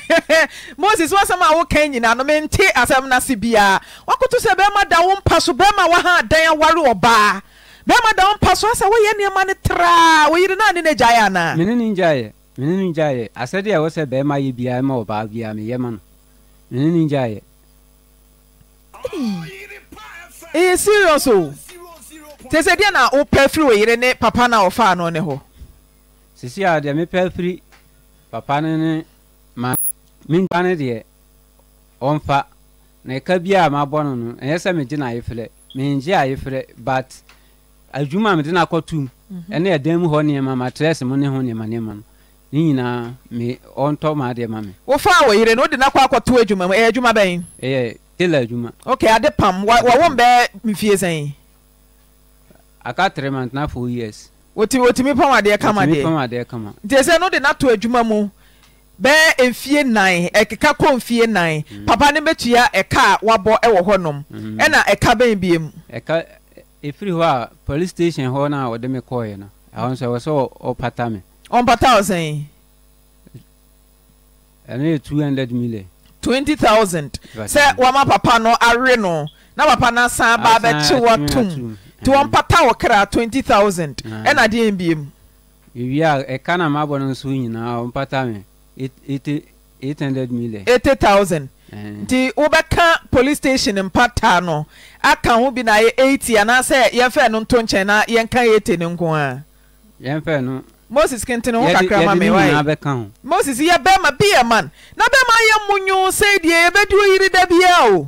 moses wasɛm a woka nyinaa no mente asɛm no ase biara wakɔto sɛ bɛrima da wo mpa so bɛrima waha dan aware ɔbaa bɛrima da wo mpa so asɛ woyɛ nneɛma no traa woyere no ane no gyaeɛ anaa mene ne ngyaeɛ mene ne ngyaeɛ asɛdeɛ ɛwɔ sɛ bɛrima yɛ biara ma ɔbaa biara meyɛ ma no mene ne ngyaeɛ ɛyɛ serious o nti sɛ deɛ na wopɛ firi wɔ yere ne papa na ɔfaa no ne hɔ sisi a deɛ mepɛ firi papa no ne ma menta ne deɛ ɔmfa na ɛka bi a mabɔ no no ɛyɛ sɛ megye no ayefrɛ mengye ayefrɛ but adwuma a mede no akɔtom mhm. ɛne ɛdan mu hɔ nneɛma matrɛs mo ne ho nneɛma nneɛma no ne nyinaa me ɔntɔ ma adeɛ ma me wofaa wɔ yere no wode no akɔ akɔto adwuma mu ɛyɛ adwuma bɛn ɛyɛ tela adwuma ok ade pam wɔwo mbɛɛ mfie sɛn aka tere months na four years. wotumi wotumi pam adeɛ kama deɛ wotumi pam adeɛ kama. nti sɛ no de nato adwuma mu bɛɛ mfie nan ɛkeka kɔ mfie nan mm. papa ne bɛtua ɛka a wabɔ ɛwɔ hɔnom mm-hmm. ɛna ɛka bɛn bie mu. ɛka efiri hɔ a police station hɔ na ɔde mi kɔɔɛ no ɛhɔ nso ɛwɔ sɛ ɔpata mi. ɔmpata ɔsɛn. ɛno yɛ two hundred million. twenty thousand sɛ wama papa no awe no na papa no asan ba abɛkye wɔ tum. nti wɔmpata wɔ kra 20000 ɛna deɛ mbie mu a ɛka na mabɔ no nso nyinaa million 80000 eh. nti wobɛka police station mpa no aka ho bi na ayɛ 80 anaasɛ no nto nkyɛn na yɛnka ya no nko a yɛmfɛ no moses ho kakra ma moses yɛ bɛrima bi yɛ man na bɛrima ayɛ mu nwoo sɛ deɛ yiri oyiri bi o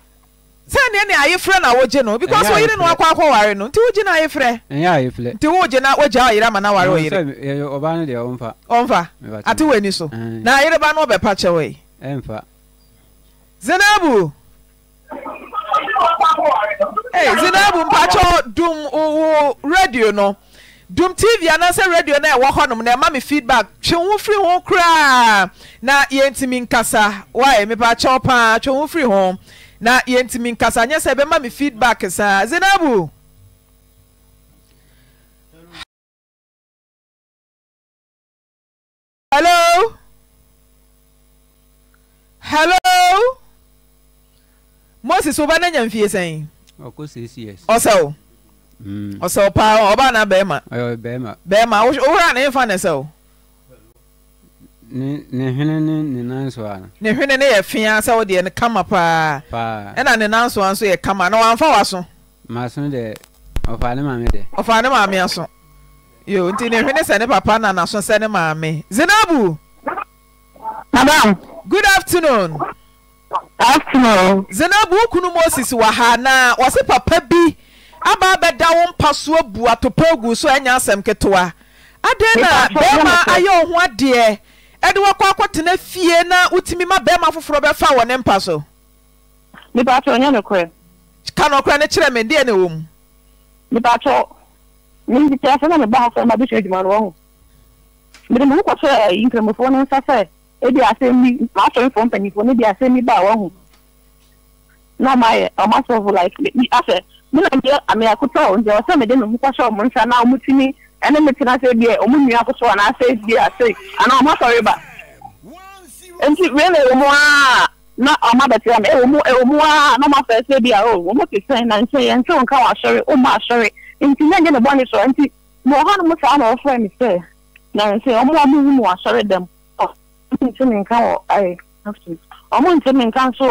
sɛneɛ ne ayefrɛ na wogye no because woyere na wakɔ akɔ no nti wogye no ayefrɛ nti wogye na wogya ɔyere ama na ware ɔyere ɔmfa so eh. na ayereba no ɔbɛpa kyɛ wei zinabu zinabu mpakyɛ dum wo radio no dum tv anaasɛ radio ɛwɔ hɔ nom na ɛma feedback ho firi ho koraa na nkasa paa ho firi ho na yɛntumi nkasa nyɛ sɛ ɛbɛma me feedback saa zenabu hello hello moses wo ba na nya mfie sɛn ɔkɔ sɛsi yɛs ɔsɛw o mm. paa ɔbaa na bɛrima bɛrima wohora ne mfa ne sɛw ne hwene ne ne nansoa no ne hwene ne yɛ fea sɛ wodeɛ no kama paa Paa. ɛna ne nansoa nso yɛ kama na wamfa waso maso deɛ ɔfaa ne maame deɛ ɔfaa ne maame aso yo nti ne hwene sɛ ne papa na naso sɛ ne maame zinabu madam good afternoon afternoon zinabu wo kunu moses wɔ ha na wɔse papa bi aba bɛda wo mpa so abu atopɛ gu so ɛnya asɛm ketewa adɛn na bɛrima ayɛ wo ho adeɛ ɛde wɔkɔ akɔtena fie na wotumi ma bɛrima foforɔ bɛfa wɔ ne mpa so ka nɔkora no kyerɛ me deɛ ne mu na meba hɔ sɛ mabɛhwɛ adwuma no wɔ ho mede me ho eh, nkramofoɔ no nsa sɛ asɛm bi no asɛm bi baa wɔ ho na ɔmayɛ ɔmasɔfo like asɛ mena meɛ ameakotɔ mede me ho ɔmo na ɔmotumi ɛne metena sɛ deɛ nua anaasɛ ase anaa ba nti na ɔmo abɛtera mi ɛwɔ mu ɛwɔ a na ɔmo afɛ sɛ o ɔmo na nkyɛn yɛn nkyɛn nka w'asɔre ɔmo asɔre nti nyɛ nyɛ ne bɔ ne sɔrɔ nti ɔha na ɔfrɛ sɛ a nka wɔ mi nka nso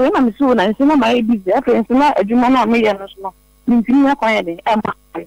ɛna mi si wo na na ma yɛ bi zi ɛfɛ nsɛm na adwuma na yɛ no so no mi akɔnyɛ de ɛma ayɛ.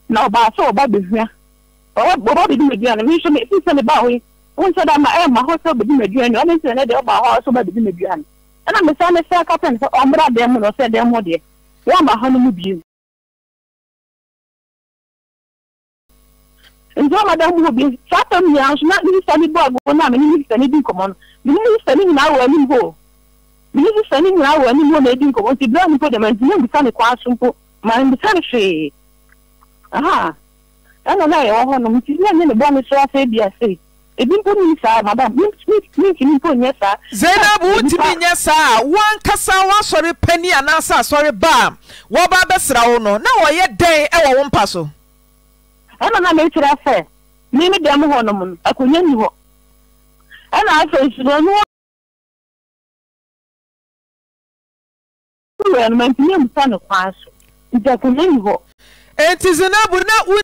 na ọbaasa ọba behia ọba bedi medua no mi nso mi sisa ne ba hɔ yi wọn nsa da ma ɛyɛ ma hɔ sɛ bedi medua no ɔno nsa ne deɛ ɔba hɔ a ɔsɛ ɔba bedi medua no ɛna mesan ne sɛ kapɛn na ɔsɛ dɛm mu deɛ wɔn ma hɔ no mu bie mu nti ɔma dɛm mu hɔ bie saa pɛm nyinaa nso na minista ne bɔɔl wɔn na mene minista ne di nkɔmɔ no mene minista ne nyinaa wɔ anim hɔ mene minista ne nyinaa wɔ anim hɔ na edi nkɔmɔ nti bɛrɛ nipa dɛm nti ne mbisa ne kwan so mpo ma mbisa ne aha ana eh, m hɔ nti ne ne bɔ ne so ase ebi mpo saa mpo nyɛ saa nyɛ saa asɔre baa wɔba wo na wɔyɛ dɛn ɛwɔ wo mpa so na mekyerɛ sɛ me me dɛm hɔ nom no akonya nni hɔ ɛna afei nso no ɔno wɛ no mantumi amusa ne kwan so nti hɔ enti zinabu na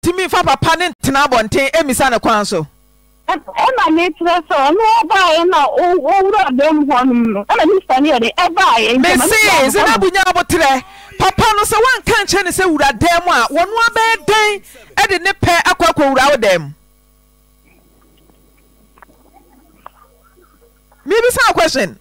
timi fa papa ne ntena abɔnten emisa ne kwan so. ɛna ne tirɛ sɛ ɔno ɔbaeɛ na ɔwura dɛm hɔ nom no ɛna mista ne yɛde ɛbaeɛ mese zinabu nya abotrɛ papa no sɛ woanka nkyerɛ ne sɛ wura dɛm a wɔno abɛyɛ dɛn ɛde ne pɛ akɔ akɔwura wo dɛm mebisa question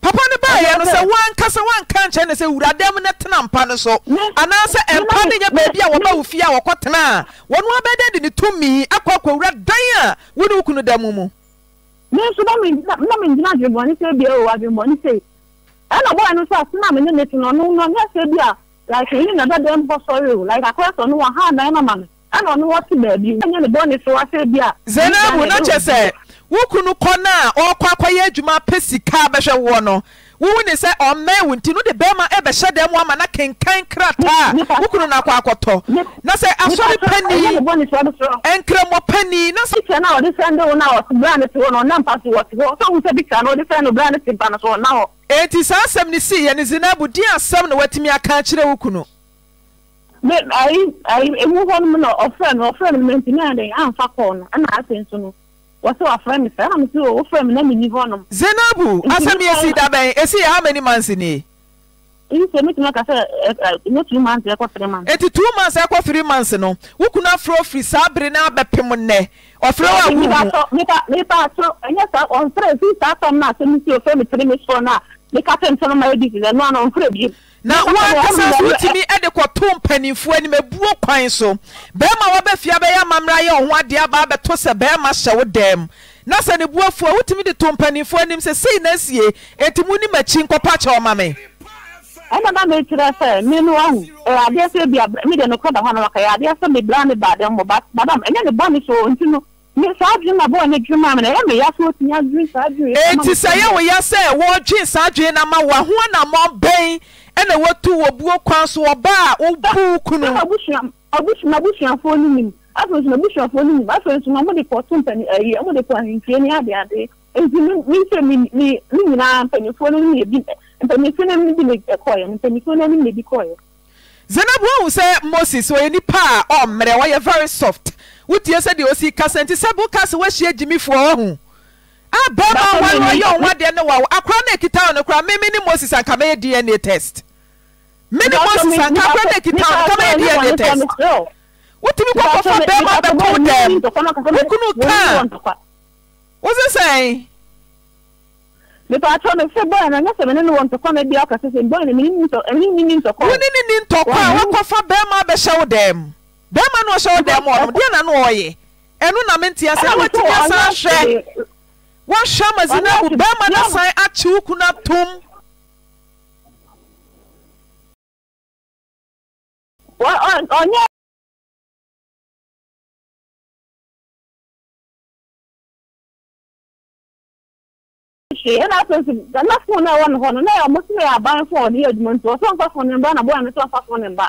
papa no baayɛ no sɛ woankasɛ woanka nkyerɛ ne sɛ wuradɛm no tena mpa no so anaasɛ ɛmpa no nyɛ baabi a wɔba wo fie a wɔkɔtenaa wɔno abɛdɛ de ne tumi akɔ akɔwura dan a wo wo kunu da mu mu na mengyina adwebɔne sɛ bia o adwebɔne sɛ ɛna bɔɛ no sɛ asena me ne ne to no ɔno no nyɛ sɛ bi a like ne nadadɛ mbɔ sɔre o like akɔɛ wɔ ha na ɛmama no ɛna ɔno wɔte baabi ne bɔne so bi a kyɛ sɛ wo kunu kɔ na a ɔrɔkɔ akɔyɛ adwuma pɛ sika bɛhwɛ woɔ no wowu ne sɛ ɔmɛn wo nti no de bɛrima bɛhyɛ da mo ama na kenkan kra taa a wo kunu noakɔ akɔtɔ na sɛ asɔre paninkrammɔ pani nenti saa asɛm no si yɛ ne si naabudinasɛm no wɔatumi aka akyerɛ wo kunu wɔsɛ wafrɛ mi sɛ ɛna me sɛ wofrɛ me na menni hɔnom zenabu asɛm yɛsi esi bɛn ɛsi yɛ how many months ni nse mi tuma ka sɛ ɛ ɛ two months ɛkɔ three months. eti two months ɛkɔ three months no wukunu afro firi saa abiri na abɛpem nnɛ ɔfrɛ wa wuhu. mi ba tɔ mi ba mi ba tɔ ɛnyɛ sa ɔnfrɛ fi saa tɔm na asɛm si ofɛ mi tiri mi sɔ na meka sɛ nsɛm ma ɛdi sɛ no ana ɔmfrɛ bio na woankasa so wotumi de kɔto mpanimfoɔ anim abuo e kwan so bɛrima wabɛfia bɛyɛ amammra yɛ wo ho adeɛ abaa bɛto sɛ bɛrima hyɛ wo dɛm na sɛ ne buafuo a wotumi de to mpanimfoɔ anim sɛ sei na asie enti mu nim akyi nkɔpa kyɛ ɔma me ɛna na mekyerɛ sɛ me no ahu adeɛ sɛ bia mede no kɔ da hɔ no makɛyɛ adeɛ sɛ mebra ne baadɛ mmɔ badam ɛnyɛ ne bɔne so nti no saa adwene na bɔɔ ne dwene maa mi na ɛyɛ mi yasa o tinya dwene saa adwene. eti sɛ yɛ wɔ yasa yɛ wɔdwe saa adwene na ma wɔn ho na mɔ bɛn ɛna wɔtu wɔ buo kwan so ɔbaa ɔbu kunu. abusua abusua abusuafoɔ no nim afei nso abusuafoɔ no nim afei nso na ɔmo de kɔ to mpani ɛyi ɔmo de kɔ ahemfie ne ade ade nti mi nse mi mi mi nyinaa mpanyinfoɔ no nim ebi mpanyinfoɔ no nim bi na ɛkɔɔyɛ mpanyinfoɔ no nim na ebi kɔɔyɛ. zenabu ohun sɛ moses oyɛ nipa a ɔmmerɛ wɔyɛ very soft wotie sɛdeɛ osi kasa nti sɛ boka sɛ woahyia gyimifoɔ ɔho a bɛrima wale ɔyɛ ɔwa deɛ ne wawo akora no akita wo no koraa meme ne moses anka mɛyɛ dna test mene moses anka akora no akita wo no ka mɛyɛ dna test wotumi kɔkɔfa bɛrima bɛtɔ wo dɛm wokunu kaa wo se sɛn mepatɔ no sɛ bɔɔl na nyɛ sɛ mene ne wɔ ntɔkwa no bi akasɛ sɛ bɔɔl na mene ne ntɔkwa wone ne ne ntɔkwa a wakɔfa bɛrima abɛhyɛ wo dɛm bɛrima no ɔhyɛ woda ma ɔnom deɛ na ne ɔyɛ ɛno na mentia sɛ watumi asan hwɛ woahwɛ amazina mu san ɛna na fon no ɛwɔ no hɔ na ɔmo yɛ aban yɛ adwuma nti ɔsɛ ɔmfa mba na boa sɛ ɔmfa mba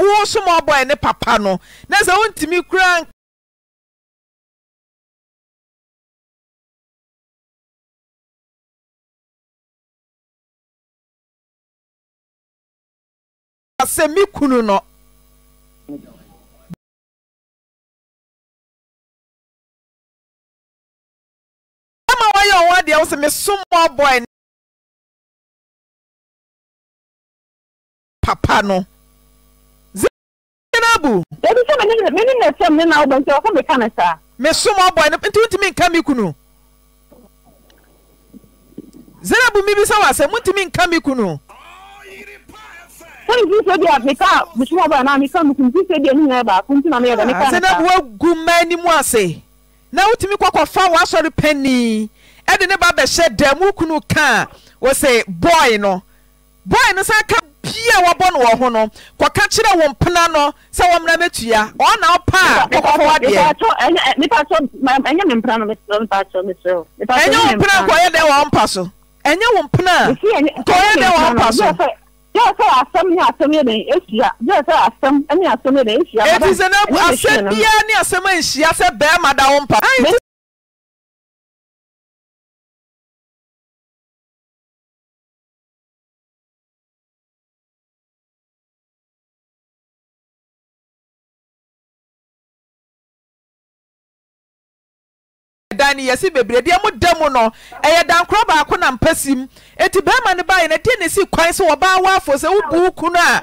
wo so ma ɔbɔ ne papa no na sɛ wontumi kura sɛ me kunu no ama wayɛ ɔwɔ deɛ wo sɛ mesom ɔbɔe papa no zainabu. ebi sọ mi ni mi ni na ẹsẹ mi na ọgbẹ ntẹ ọkọ mi ka mi sa. mi sún mọ bọ ẹni ntí ntí mi nka mi kunu. zainabu mi bi sẹ wà sẹ mu ntí mi nka mi kunu. sẹ́ni tí sẹ́ bi a mi ká mi sún mọ bọ ẹ̀ náà mi ká mi kunu tí sẹ́ bi ẹni nà ẹ̀ baako ntí na mi yẹ bẹ̀ mi ká mi ká. zainabu egu mmaa ẹni mu ase na wotumi kɔkɔ fa w'asɔre pɛnii ɛde ne no bɔɔl no san pii a wɔbɔ no wɔ ho no kɔka kyerɛ wo mpena no sɛ wɔmmra bɛtua ɔna ɔpa a kɔkɔfɔ adeɛ ɛnyɛ wo mpena nkɔyɛ dɛ wɔ mpa so ɛnyɛ wo mpena nkɔyɛ dɛ wɔ mpa so yàtọ̀ asẹ́m ní asẹ́m yẹn dẹ̀ ehyia yàtọ̀ asẹ́m ní asẹ́m yẹn dẹ̀ ehyia. ètùsẹ̀ náà asẹ́m bíyà ní asẹ́m yẹn ehyia sẹ́ bẹ́ẹ̀ ma da wọn pa. neyɛse bebre deɛ moda mu no ɛyɛ dankorabaako na mpa si m ɛnti bɛrima no bayɛ no deɛne si kwan sɛ wɔbaa wafo sɛ wobu wo kunu a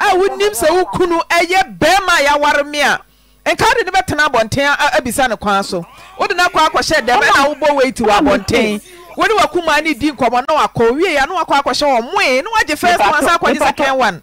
a wonnim sɛ wo kunu ɛyɛ bɛrima a yɛaware me a nka wo de ne bɛtena abɔnten abisa ne kwaa so wode no kɔ akɔhyɛ dɛmɛ na wobɔ wɔi ti w abɔnten wone wakomaa ne di nkɔ na wkɔwie n ayɛ wmɔe ne wgye fɛɛ s wsa kgye sɛ kɛn wan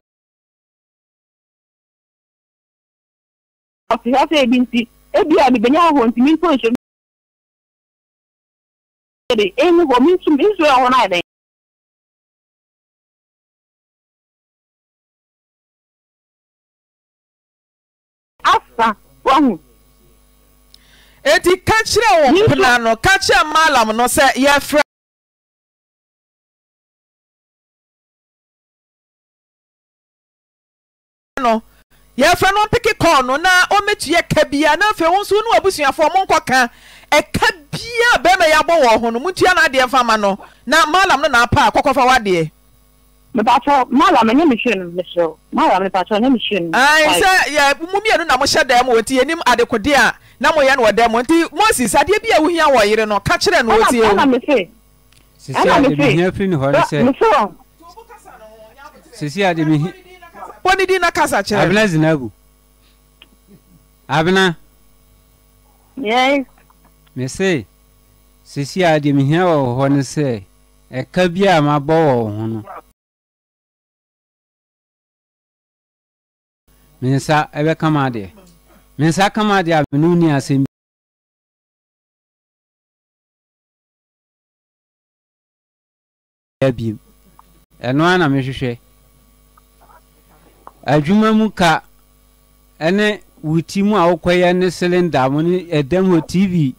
ɔte hɔ sɛ ebi nti ebi a mebɛnya ahɔ nti mi nso nso mi de ehu hɔ mi nso mi nso yɛ hɔ na ɛdɛn. asa wɔhu. eti kakyire wɔ pla no kakyire maalam no sɛ yɛfrɛ. yɛfrɛ no ɔmpeke kɔɔ no na ɔmmɛtua ka biaa na afei wo nso wo ne wabusuafoɔ mo nkɔ ɛka biaa bɛrima yɛabɔ wɔ ho no montua no adeɛ mfa ma no na malam no naapa a kɔkɔfa w'adeɛ sɛ na mohyɛ daa a na moyɛ no wɔ mu nti moses adeɛ bi a wohia wɔ yere no ka kyerɛ no bɔ ne din na kasa zinagu abena yes mese sisi a deɛ mehia wɔ hɔ ne sɛ ɛka bi a mabɔ wɔ wo ho no me nsa ɛbɛka ma adeɛ me nsa ka ma adeɛ a mene woni asɛm bi biom ɛno adwuma mu ka ɛne wuti mu a wokɔyɛ ne cylinder mu ne ɛdɛm hɔ tv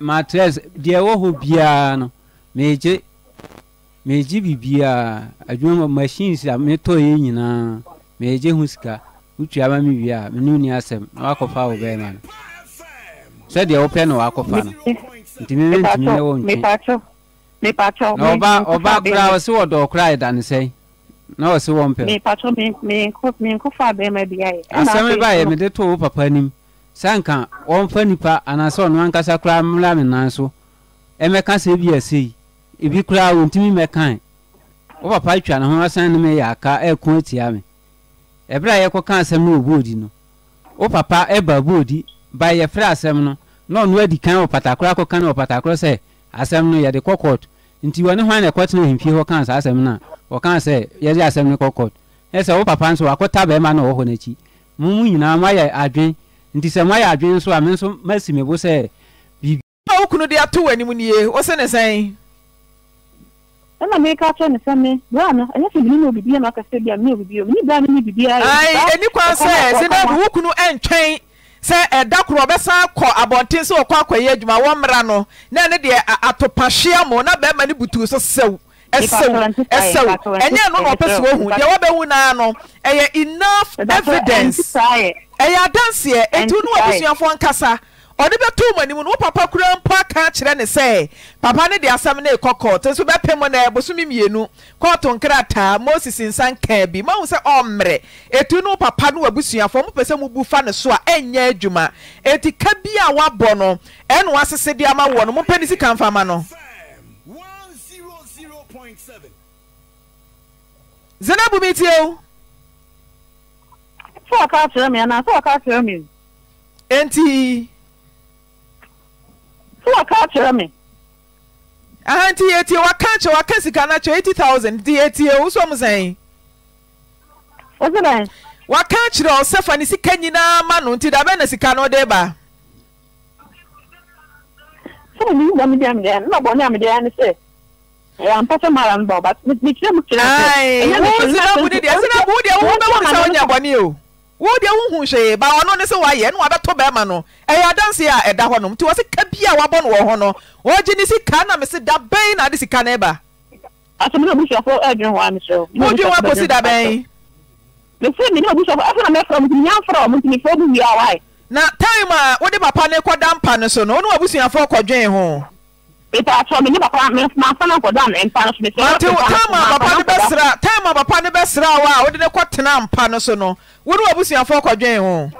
matres deɛ ɛwɔ hɔ biara no megye megye biribiara adwuma mu machines a metɔyɛ nyinaa megye ho sika wotua ma me wie a mene woni asɛm na woakɔfa wo bɛrima no sɛdeɛ wopɛ na woakɔfa no nti memɛntumi nɛ wɔ nkyɛn na ɔba koraa ɔse wɔdɔɔ koraa ɛda ne sɛn na ɔsi wɔn pɛ. mipatɔ mi mi nko mi nko fa bɛrima bi ayɛ. asɛm ba yɛ mi de to o papa anim sanka ɔnfa nipa anaasɛ ɔno ankasa koraa mmla mi nan so ɛmɛka e sɛ ebi ɛsɛ yi ebi koraa wɔntumi mɛkan e. o papa atwa ne ho asan ne mi yɛ aka ɛɛko etia mi ɛbɛrɛ a yɛkɔ ka asɛm no wɔ boodi no o papa ɛba boodi ba yɛfrɛ asɛm no na ɔno adi kan wɔ patakora akɔka ne wɔ patakora sɛ asɛm no yɛde kɔ kɔɔto nti wɔne hwan na ɛkɔtena ahemfie hɔ kaa saa asɛm no a wɔkaa sɛ yɛde asɛm no kɔ court ɛ sɛ wo papa nso wakɔta bɛrima na ɔwɔ hɔ n'akyi mo mu nyinaa moayɛ adwen nti sɛ moayɛ adwen nso a me nso masi me bo sɛ biribi a wo kunu de ato wɔ anim nie wo se ne sɛn ɛna meka kyerɛ ne sɛ me bra no ɛnyɛ sɛ menene obibia no akasɛ bi a mene obibia mene bra no ne bibia ɛni kwan sɛ sɛ wo kunu ɛntwɛn sɛ ɛda koro ɔbɛsan kɔ abɔnten sɛ wɔkɔ akɔyɛ adwuma wɔmmra no na ɛne deɛ atopahwea mo na bɛrima no butuu so sɛw ɛsɛw ɛsɛw ɛnyɛ no na ɔpɛ deɛ naa no ɛyɛ enough evidence ɛyɛ adanseɛ no nkasa ɔde bɛto mu anim no wo papa kura mpo aka kyerɛ ne sɛ papa ne de asɛm ne ɛkɔ kɔɔto nso bɛpɛ mu na ɛbosome mmienu kɔɔto nkrataa moses nsa nkaa bi mahu sɛ ɔmmerɛ ɛtu ne wo papa ne wabusuafoɔ mopɛ sɛ mubu fa ne so a ɛnyɛ adwuma ɛti ka bi a woabɔ no ɛne woasese de ama wɔ no mompɛ ne sika mfama no zenabu mi tie o. sọ ọka kyerɛ mi ana sọ ọka kyerɛ mi. waka akyerɛ me aha nti yɛtie waka kyerɛ waka sika no akyerɛ eighty thousand nti yɛtie wo so m sɛn waka kyerɛ ɔsɛfa ne sika nyinaa ma no nti da bɛn na sika no de ba wosi na wo deɛ wo bɛwu sɛ wonya bɔne o wo deɛ wohu hwee ba ɔno ne sɛ wayɛ ne wabɛto bɛrima no ɛyɛ adanse a ɛda hɔnom nti wɔ sika bi a wabɔ no wɔ hɔ no wɔgye ne sika na me se da bɛn na ade sika no ɛba asomdwe abusuafo adwene ho ane sɛ wodwe ho akɔsi da bɛn mese mene abusuafo afei na mɛfrɛ ni ntimi nyamfrɛ mo ntimi fɛ bi wie a wae na time a wode papa ne kɔda mpa no so no wo ne wabusuafoɔ kɔdwen ho time papa ne bɛsrɛ wo a wode ne kɔtena mpa no so no wabusuafoɔ kɔdwen ho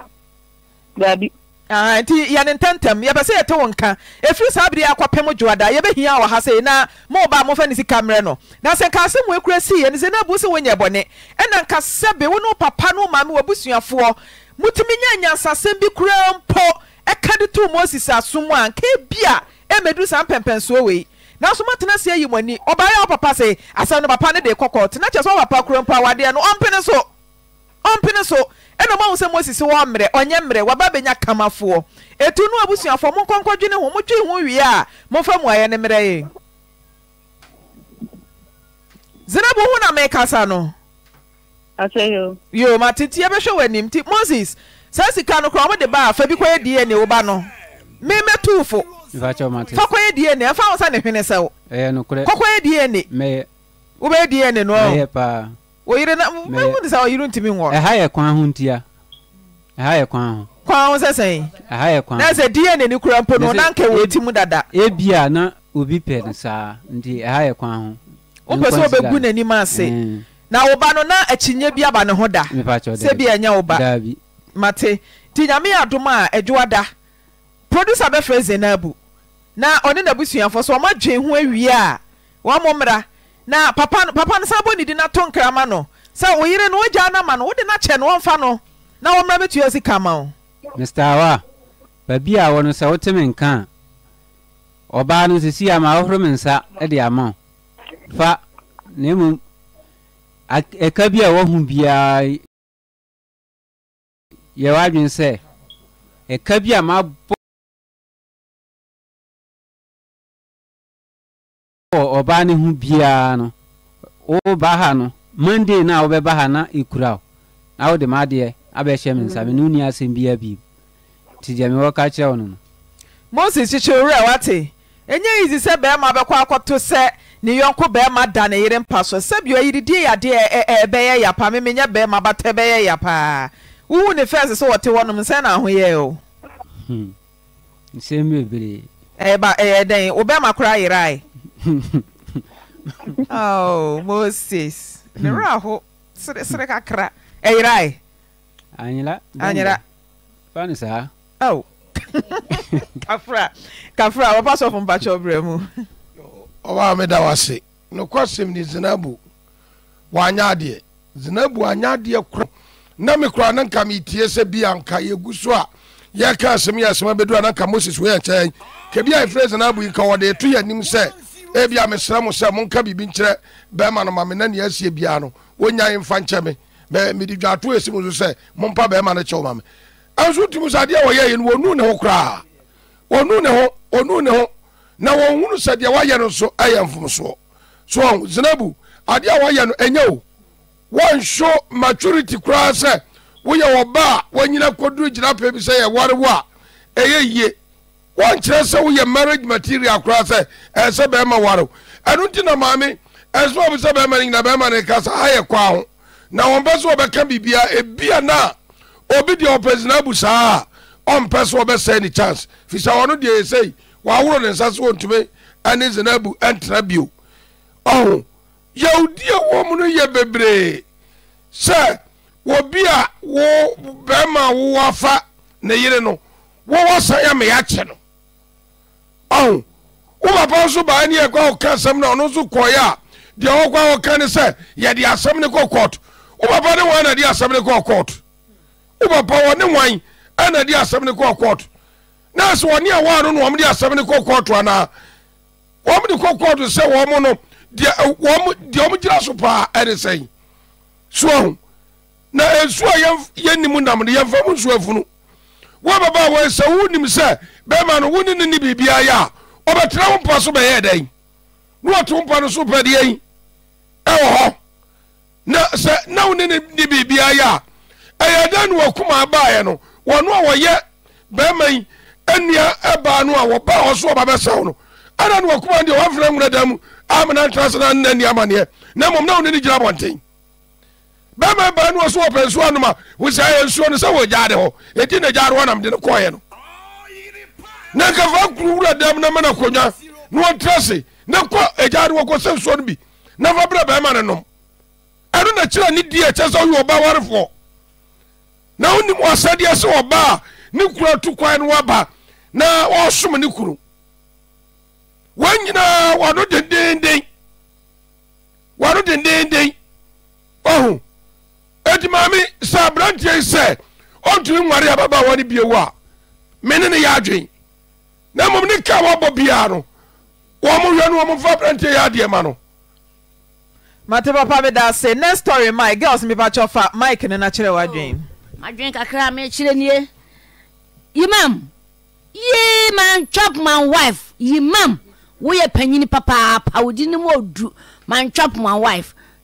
nti yɛne yɛpɛ sɛ yɛte wo nka ɛfiri saa akɔpem dwoada yɛbɛhia wɔ ha sei na maba mofa ne sika mmerɛ no na sɛ nka asɛm wɔakura sii ɛne sɛ na abu sɛ wonyɛ bɔne ɛna nka sɛbe wo ne papa no woma me wabusuafoɔ nya anyansasɛm bi mpo ɛka de too moses asom a nka bia emedu saa mpɛmpɛnsoɔ wei nanso mo atena si ayi mo ani ɔbaa yɛ ɔpapa sɛ asɛm no papa ne de kɔkɔɔ tena kyɛ sɛ ɔpapa kuro mpo awadeɛ no ɔmpene so ɔmpene so ɛna mo ahun sɛ mo sisi wɔ mmerɛ ɔnyɛ mmerɛ waba abɛnya kamafoɔ etu no abusuafoɔ mo nkɔnkɔ dwene ho mo dwi ho wie a mo fa mu ayɛ ne mmerɛ yɛ zinabu ho na mekasa no. akyɛyɛ yo yo ma tete ɛbɛhwɛ wɔ anim ti moses saa sika no koraa ɔmo de ba afa bi kɔ yɛ die ne wo ba no mmemme tuufo. fakɔyɛ dna ɛfa wo sa ne hwene sɛ wokɔkɔyɛ wobɛyɛ no oyere sɛ ɔyere kwan ho ntia kwan ho kwan ho sɛ sɛn kwan na dna ne kura mpo no na wɔ ti mu dada e na obi pɛ no saa nti ɛha kwan ho wopɛ sɛ wobɛgu n'anim mm. na no na akyinnye bi aba da mate nti nyame yɛ da producer bɛfrɛ zenabu na ɔne n'abusuafoɔ so ɔma dwe ho awie a wɔmo mmra na papa no san bɔ ne di nato nkrama no sɛ wo yere no wogyaa no ama no wode nakyɛ no wɔmfa no na wɔmmra bɛtua sika ma wo mr awa baabi a wɔ no sɛ wote nka a ɔbaa no sisi ama wohoro me nsa de ama wo fa na mmom ɛka bi a wɔho biara yɛwɔ adwene sɛ ɛka bi a mabɔ kɔ ɔbaa ne ho biara no woba ha no monday no a ba ha na ɛkura wo na wode m'adeɛ abɛhyɛ me nsa me ne wonni asɛm biara biem nti deɛ mewɔka kyerɛ wo no no moses kyekyɛ owura wate ɛnyɛ yisi sɛ bɛrima bɛkɔ akɔto sɛ ne yɔnko bɛrima da ne yere mpa so sɛbi ɔyeredie yadeɛ ɛbɛyɛ ya paa nye bɛrima bata ɛbɛyɛ ya paa ne fɛs sɛ wɔte hɔ nom na ho yɛ o hmm. nsɛm bebree ɛyɛ dɛn wo bɛrima koraa yerae oh moses ne werɛ ho sere sere kakra ɛyerae anyera anyera fa ne saa oh. ao kafra kafra wɔpa sɔfo mpakyɛ berɛ mu ɔbaa meda wase nokwasɛm ne zinabu wanyɛ adeɛ zinabu anyɛ adeɛ korɔ na me kora ne nka metie bi anka yɛgu so a yɛka asɛm yɛ asɛm abɛduru a na nka moses wei ankyɛn ka bi a ɛfrɛ zinabu yi ka wɔde ɛto yɛ anim sɛ ebia mesrɛ mo sɛ monka biribi nkyerɛ bɛrima no ma na nea asie biara no wɔnya mfa nkyɛ me mede dwaato ɛsi mu so sɛ mompa bɛrima no kyɛw ma me ɛnso tumi sɛ adeɛ wɔyɛyɛ no wɔnu ne ho koraa wɔnu ne ho wɔnu ne ho na wɔnhunu sɛ deɛ wɔayɛ no nso ɛyɛ mfomsoɔ so zenabu adeɛ a wɔayɛ no ɛnyɛ o wɔnhyo maturity koraa sɛ woyɛ wɔ ba a wɔanyina kɔduru gyina pɛ bi sɛ yɛware wo a ɛyɛ yie wɔnkyerɛ sɛ woyɛ marriage material koraa sɛ ɛɛ sɛ bɛrima ware ɛno nti na maame ɛnso wɔm sɛ bɛrima no nyina bɛrima no ka sɛ ayɛ kwaa ho na wɔmpɛ sɛ wɔbɛka biribia ebia na a obi deɛ ɔpɛsina abu saa a ɔmpɛ sɛ wɔbɛsɛe ne chance firi sɛ wɔno deɛ yɛsei wɔaworo ne nsa so wɔntumi ɛne zina abu ɛntena bio ɔho yɛwodie wɔ mu no yɛ bebree sɛ wɔbi a wo bɛrima a wowɔ afa ne yere no wɔwɔ sa yɛ meyɛakyɛ no ɔn womapa nso baa ne yɛkɔ ɔka asɛm na ɔno nso kɔeɛ a deɛ ɔkɔ a ɔka ne sɛ yɛde asɛm ne kɔ court wopapa ne wan na de asɛm ne kɔ court wopapa wɔ ne wan ɛna de asɛm ne kɔ court na sɛ wɔne a wɔa no na wɔm de asɛm ne kɔ court anaa wɔm de kɔ court sɛ wɔm no deɛ wɔm gyina so paa ɛne sɛn soahu na ɛnsuo a yɛnnimu nam no yɛmfa mu nsuo afunu Wababa baba wɔ sɛ wonim sɛ bɛrima no wo ne ne ne biribiaa yɛ a ɔbɛtena wo mpa so bɛyɛ dɛn na wɔte mpa no so pɛdeɛi ɛwɔ hɔ na sɛ na wo ne ne ne biribiaa yɛ a ɛyɛ dɛn ne wɔkoma abaeɛ no wɔno a wɔyɛ bɛrima yi anua ɛbaa no a wɔbaa hɔ so ɔba bɛsɛw no ana ne wɔkoma deɛ wɔamfena nwuna da mu amena ntena se na nna nni amanneɛ na mmom na wo ne ne gyina bɔnten bɛma baa no wɔ so wɔpɛ nsuo anom a wosaa yɛ nsuo no sɛ wɔgyaade hɔ ɛti na gyaare wɔnam de no kɔɛ no na nkafa kuru wura dam na mana konwa na wɔtra se na kɔ agyaade wɔkɔ sɛ nsuo no bi na fa brɛ bɛma no nom ɛno na kyerɛ ne di ɛkyɛ sɛ woyɛ ɔba warefoɔ na wonim ɔsɛdeɛ sɛ ɔba a ne kura tu kwan no waba na ɔsom ne kunu wɔn nyinaa wɔno dendenden wɔno dendenden ɔho eti maame sɛ aberanteɛ yi sɛ ɔntumi nware ababaawa no biewu a me ne yɛ adwen na mmom ne ka wɔbɔ biara no wɔn mo hwɛ no wɔn mfa aberanteɛ yɛ adeɛ ma no. mate papa mi da se next story my girls mi ba kyɔ fa mike ne na kyerɛ w'adwen. Oh, adwen kakra mi kyerɛ nie imam yee man chop my wife imam woyɛ panyin papaapa odi ne mu odu man chop my wife.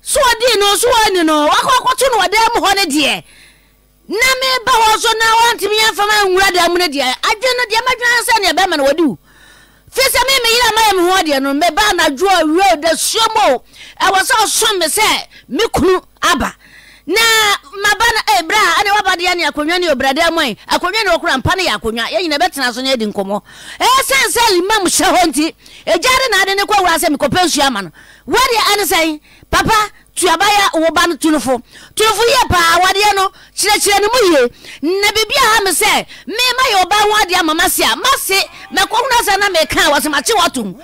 so no so no wakɔkɔto no wɔdan mu hɔ no deɛ na meba hɔ so na wɔntimi yɛmfam anwura da mu no deɛ adwene no deɛ ma sɛ neɛ bɛma no wɔde fi sɛ me meyera mayɛ me ho deɛ no mebaa nadwoɔ wura da suom o ɛwɔ sɛ ɔsom me sɛ me kunu aba na maba no a eh, ɛne waba deɛ ne akonnwa ne ɔbrada mu ai akonnwa ne ɔkora mpa no yɛ akonnwa yɛ bɛtena so ne adi nkɔmmɔ ɛsiane eh, sɛ limam hyɛ hɔ nti de papa tuaba yɛ wo ba no tunufo tunufo yɛ paa awadeɛ no kyerɛkyerɛ no mu yie na biribi a ha me sɛ mema yɛ ɔba ho adeɛ ama mase a mase mɛkɔhono asɛ na meka wɔ sɛ makye woatom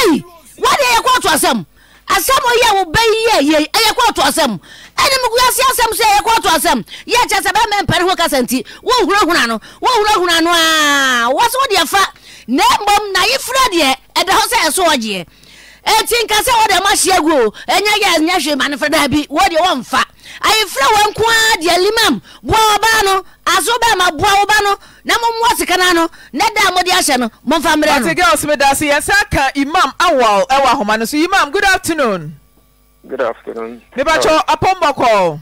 ei wadeɛ yɛkɔ ato asɛm asɛm ɔyɛ wo bɛ yɛ yɛ ɛyɛ kɔ ɔtɔ asɛm ɛne mu guase asɛm so ɛyɛ kɔ ɔtɔ asɛm yɛ kyɛ sɛ bɛɛ mɛmpɛ ne ho kasa nti wɔhurahura no wɔhurahura no aa wɔso deɛ fa na mbom na yefura deɛ ɛda hɔ sɛ ɛso ɔgyeɛ eti nka sɛ wɔde ma hyia o ɛnyɛ yɛ ɛnyɛ hwee ma no fɛ daabi wɔde wɔmfa ayefra wɔn nko ara deɛ limam boa ɔbaa no aso bɛɛ ma boa ɔbaa no na mo mu ɔsika na no ne da mo de ahyɛ no mo nfa mmerɛ no. ɔtí girls mi da se yɛn sɛ ka imam awal ɛwɔ ahoma no so imam good afternoon. good afternoon. nibatɔ apɔnbɔkɔ.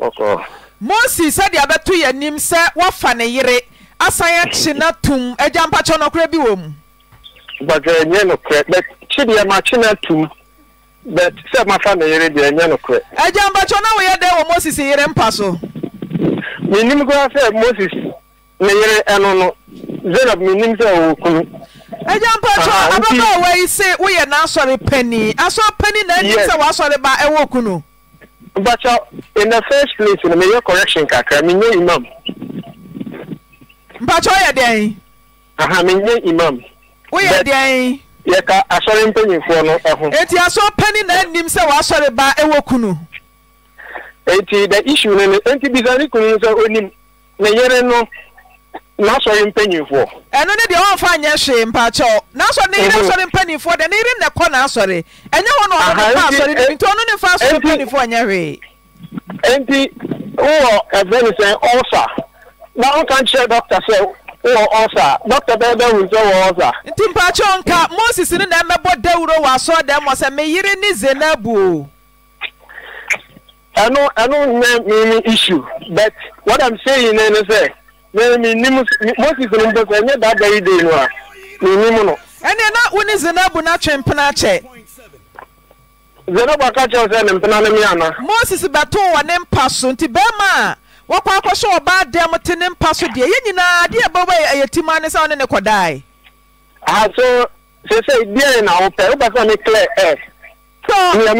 bɔkɔ. moses sɛdeɛ abɛto yɛn nim sɛ wɔfa ne yere asan akyi na tum e agya mpatwɛ nɔkorɛ bi wɔ mu. gbàgbé nyɛ nɔkorɛ bɛ chideɛ makye no atum but sɛ mafa me yere deɛ ɛnyɛ nokorɛ agya mbakyɛ na woyɛ dɛn wɔ moses yere mpa so menim koraa sɛ moses ne yere ɛno ah, no zainab menim sɛ ɔwɔ kunu agya mpakyɛ ababaawa yi se woyɛ n'asɔre pani asɔre pani na anim sɛ wɔasɔre ba ɛwɔ kunu mbakyɛ uh, in the first place no meyɛ correction kakra menyɛ imam mpakyɛ ɔyɛ dɛn aha menyɛ imam woyɛ dɛn yɛka asɔre mpanyimfoɔ no ho eti asɔ na enim sɛ wɔasɔre ba ɛwɔ kunu eti the issue no no enti kunu sɛ onim ne yere no n'asɔre mpanyimfoɔ ɛno ne deɛ wɔmfa anyɛ hwee mpakyɛw n'asɔ ne yere asɔre mpanyimfoɔ deɛ ne na ɛkɔ n'asɔre ɛnyɛ na ɔno ne fa asɔre no e- nti ɔno ne fa asɔre hwee enti na dɔkta wɔ ɔsa nti nka moses ni na ɛmɛbɔ dawuro wɔ asɔ wɔ sɛ meyiri ni zenabu. ɛnu ɛnu nɛ mi ni issue but what i'm saying ne ne sɛ moses sɛ a no. na wo ni zenabu na mpena ana. moses bɛtoo wɔ ne mpa so nti bɛrima wɔkɔ akɔ hyɛ ɔbaa dɛm te ne mpa so deɛ yɛ nyinaa deɛ ɛbɛbɔ ɛyɛ tima ne sɛ wone ne kɔdae aso ah, sese deɛ na wopɛ wopɛ sɛ ne clear air owura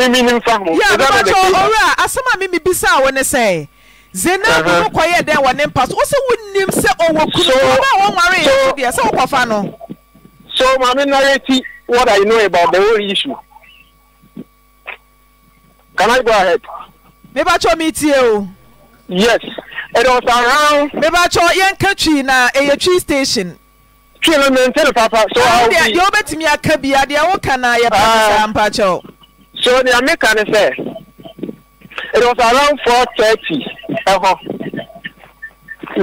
asɛm a memebisaa wo ne sɛ zena bi mo kɔyɛ dɛn wɔ ne mpa so wo sɛ wonim sɛ ɔwɔ kunu na wɔnwareyɛ so deɛ sɛ wokɔfa no so maame narrate what i know about the whole issue can i go ahead mebakyɛ metie o yes it was around. bíbátsọ yẹn ká twi na èyẹ twi station. twi mi mi n tẹ́lẹ̀ papa so awo bi. yóò bẹ tìmí aka bi adi awo kan na yẹ pàṣẹ sá mpatsọ. so ní àmì kan ní sẹ it was around four thirty ẹ̀họ́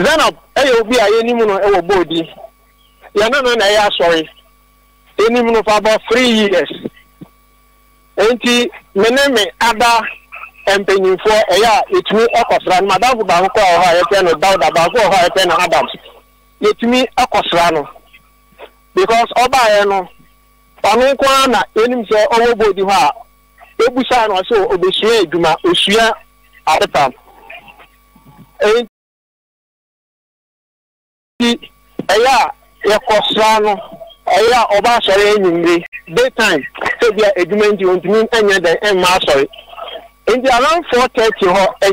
zanab ẹ̀yẹ obi a yẹ ni mu no ẹ̀wọ̀ bóòdi yẹn nínú na ẹ̀yẹ asọ̀rẹ́ yẹ ni mu no for about three years nti mi ní mi ada. mpanyinfoɔ ɛyɛ a yɛtumi ɛkɔsra no madamfo baako a ɔhɔ a yɛfɛ no dawuda baako ɔhɔ a yɛfɛ no adams yɛtumi ɛkɔsra no because ɔbaa ɔbaayɛ no ɔno nko ara na anim sɛ ɔwɔ boodi hɔ a ebusa na ɔsɛ obesua adwuma osua adepa eti ɛyɛ a yɛkɔsra no ɛyɛ a ɔbaa ɔba asɔre enyimire day time sɛbi a adwuma nti ntumi ɛnyɛ dɛ ɛmma asɔre. nti around four thirty hɔ hɔ oh, oh, a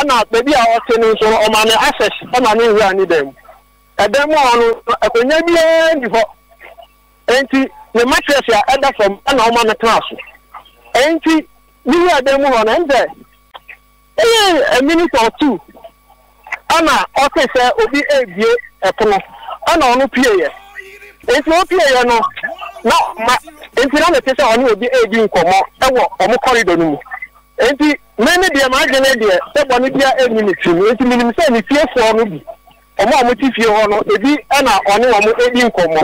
ɔte eh, no nso ɔma ne access nri ne nwura ne no akonnwa biara hɔ nti ne mattress a ɛda fam ɛna ɔma ne tena nti n'ihu ebe mu hɔ a ɛna obi ebie ɛpono ɛna ɔno pie nti no na nti na mete obi edi nkọmọ nti deɛ enyi nti a ɔmo te fie hɔ ebi ɛna ɔne ọmụ edi nkọmọ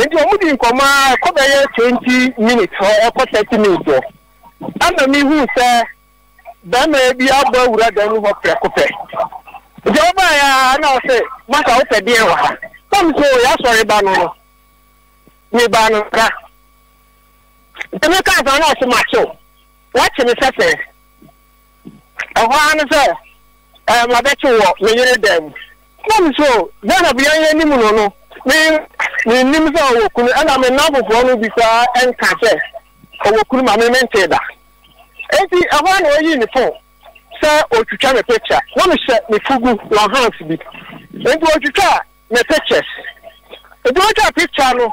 nti ɔmo di nkɔmɔ a ọ bɛyɛ twenty minutes ọ ɛkɔ thirty minutes hɔ ɛna mihu sɛ bɛrima bi abɔ awura dan mu hɔ a na ɔsɛ masa wopɛ deɛ wɔ ha sɛ ya sọrọ ịba ntumi kaa sɛ ɔno ɔso makyew wɔkye ne sɛsɛ ɛhɔ ara no sɛ ɛm ɔbɛkyew wɔ me yere dan mu so zainab yɛn yɛn anim no no me me nim sɛ ɔwɔ kunu ɛna me nna foforɔ no bi saa ɛnka sɛ ɔwɔ kunu ma me mente da eti ɛhɔ na ɔyii ne fon sɛ otwitwa me picture na hyɛ me fugu lɔhans bi nti otwitwa me pictures ebi otwa picture no.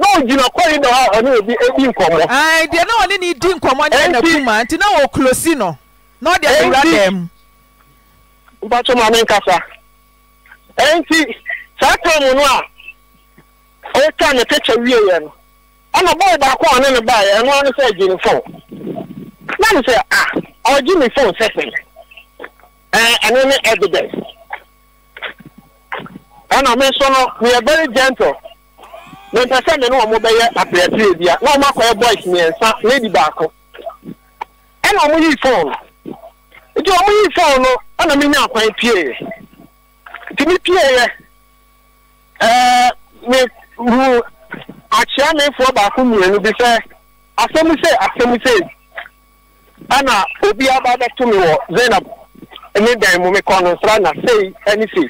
náà gyina kọ́yì náà a ọ̀nà òbí ẹbí nkọ̀mọ́. ayi deɛ náà ɔne ni di nkọmọ ní ɛna kuma ma náà wò kulosi nọ náà ɔde ɛwura dɛm. mpatso maame nkasa ɛnti saa tɛmu no a ɔretwa ne picture wie yɛ no ɛna bɔɔl baako a ɔne ne baa yɛ ɛno ɔno sɛ ɔgye ne fon na ne sɛ a ɔgye ne fon sɛsɛn ɛɛ ɛno ne evidence ɛna me nso no me yɛ very gentle. wọ́n sẹ́ bɛyɛ na wọ́n akɔyɛ boys mmiɛnsa lady baako ɛna wɔn yi fone nti wɔn yi fone no ɛna mi nya pie yɛ nti mi pie yɛ ɛɛ mi hu akyea mefoɔ baako mmienu bi sɛ asɛm ɛna obi aba bɛto mi wɔ zainab dan mu mi kɔ na sei ɛne sei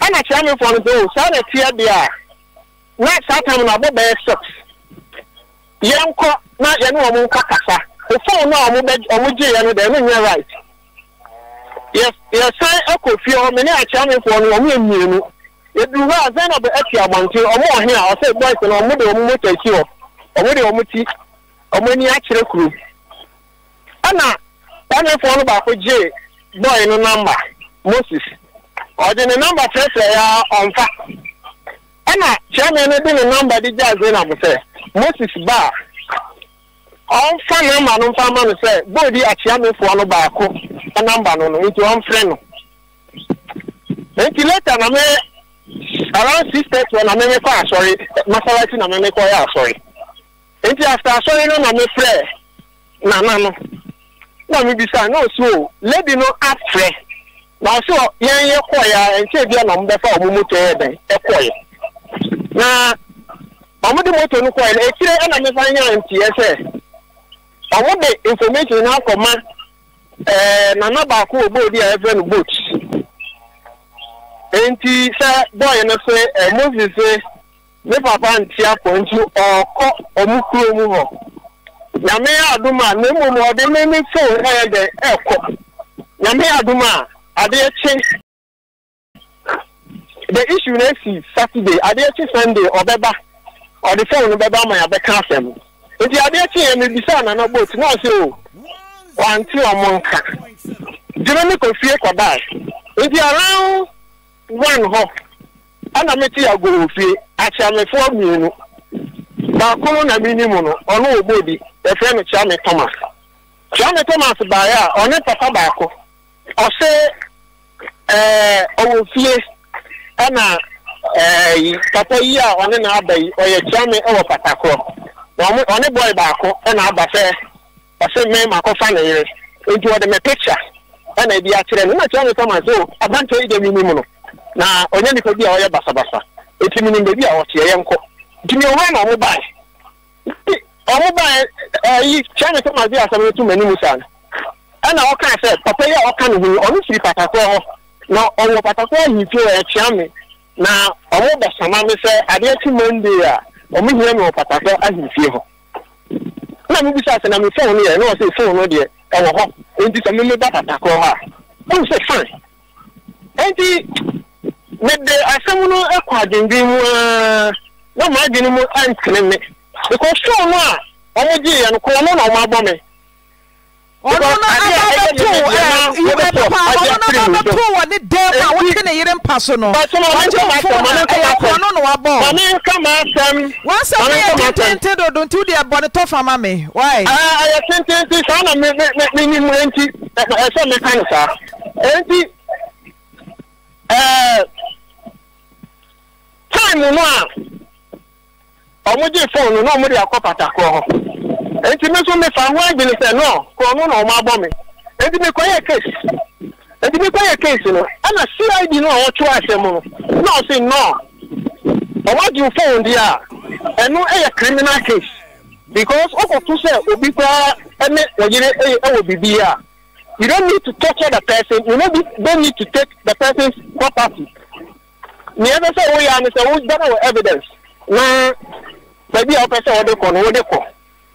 ɛna no a. na saa na abɔ bɛyɛ na yɛn ne wɔn nka kasa the na wɔn bɛ wɔn gye yɛn no dɛ ɛno nyɛ right yɛsan ɛkɔ fie hɔ mene akyɛnfoɔ no wɔn yɛ mmienu yɛduru hɔ zainab ɛti a boys de de ti kuro no gye boy no namba moses namba ya ɛna chairman no de ne nɔmba de gya azena mo sɛ moses baa ɔmfa nɔmba no mfa ma no sɛ akyeamefoɔ no baako nɔmba no no nti nti later na me around six thirty na me mekɔ asɔre masalasi na me mekɔ yɛ asɔre nti after asɔre no na nana na mebisa na osi o na ɔsi yɛn yɛ kɔɛ a na bɛfa ɔmo yɛ na ọmụdị moto n'ụkwụ ya na ekyire ana m efe anya ntị ya sị ọmụdị information ha akọma eh, na na baako ogbo di a efe no boat eh, nti sị bọọlụ no sị moses sị ne papa ntị akọ nti ọkọ ọmụkuro mu hụ nyame adum a na mmom ọdị mmemme fon ha ya dị ịkọ nyame adum a adị ekye. the issue next is saturday adeɛkye sunday ɔbɛba ɔde fone bɛba ama yɛabɛka asɛm nti adeɛkye yɛ mebisa nana boat na ɔse o wante ɔmo nka gyina ne kɔfie kɔbae nti around one hɔ ana mete agoro fie akyeamefoɔ mmienu baako no na menim no ɔno wɔ boodi yɛfrɛ no kyame thomas kyame thomas baeɛ a ɔne papa baako ɔse ɛɛ ɔwɔ fie ɛna eh, papa yi a ɔne na aba yi ɔyɛ kyerɛme wɔ patakorɔ na ɔne bɔɔl baako na aba sɛ ɔsɛ mmɛn mu akɔfa ne yere nti wɔde me picture ɛna ebi akyerɛ no na kyerɛme kama so yi de mi no na ɔnyɛ nipa bi a ɔyɛ basabasa eti mi nim beebi a ɔte ɛyɛ nkɔ nti mi na ɔmo bae ɔmo ɛyi eh, asɛm no saa ɛna ɔka sɛ papa yi a ɔka ne ho ɔno firi patakorɔ na ọwụ patakwa ike na ọmụ basama mi sị adịghị a hịa ike hụ na m bisa na mụ fon ya na ọsị fon deɛ ɛwɔ hɔ mmemme ba a ɔmu sɛ mede no adwendwen mu aa na ɔmo adwene mu me because fone a ɔmo gye yɛ no kɔn na ɔmo abɔ ɔno no yere mpa so no ɛyɛ na wabɔ wasɛm no yɛ tentente dodo nti wode ɛbɔ ne tɔ fama me waɛyɛ ah, tentente saa na menim nti ɛsɛ meka eh, time no a ɔmogye fone no na ɔmode akɔ patakorɔ hɔ nti mi nso mi fa ho adwene sɛ no kuro na ɔmo mi nti mi kɔ mi cid no a ɔtwe asɛm no na ɔsi no ɔmo e agye di a ɛno yɛ criminal case because ɔkɔto sɛ obi koraa ɛne wɔyere ɛyɛ ɛwɔ a you don't need to torture the person you no don't need to take the person's property e na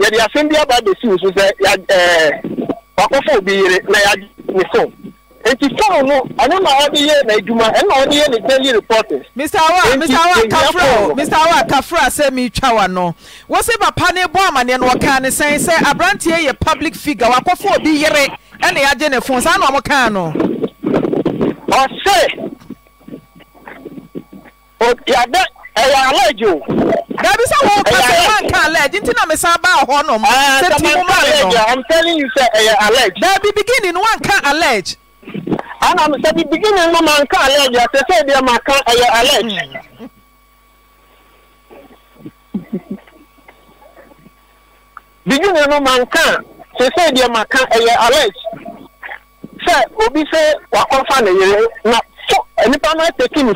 yɛde asɛm bi aba abɛsiw so sɛ wakɔfa obi yere na yɛagye ne phone nti phone no ɛno na ɔde yɛ n'adwuma ɛno ɔde yɛ ne daily reporting. mr awa mr awa kafra mr awa kafra sɛ mitwa wa no wosi papa ne bɔ amaneɛ no wɔka ne sɛn sɛ aberanteɛ yɛ public figure wakɔfa obi yere ɛna yɛagye ne phone saa na wɔn kaa no. ɔsɛ oh, yada ɛyɛ alɛgye o. dabi sɛ wɔn kɔ sɛ wɔn nka alɛgye nti na mi san ba hɔ nom. ɛɛ tẹmɛ nka alɛgye i'm telling you sɛ ɛyɛ alɛgye. dabi beginning wɔn nka alɛgye. ana sɛbi beginning no ma nka alɛgye ase sɛ ebi ma ka ɛyɛ alɛgye. beginning no ma nka sɛ sɛ ebi ma ka ɛyɛ alɛgye. sɛ obi sɛ wakɔfa ne yere na nipa naa teki ne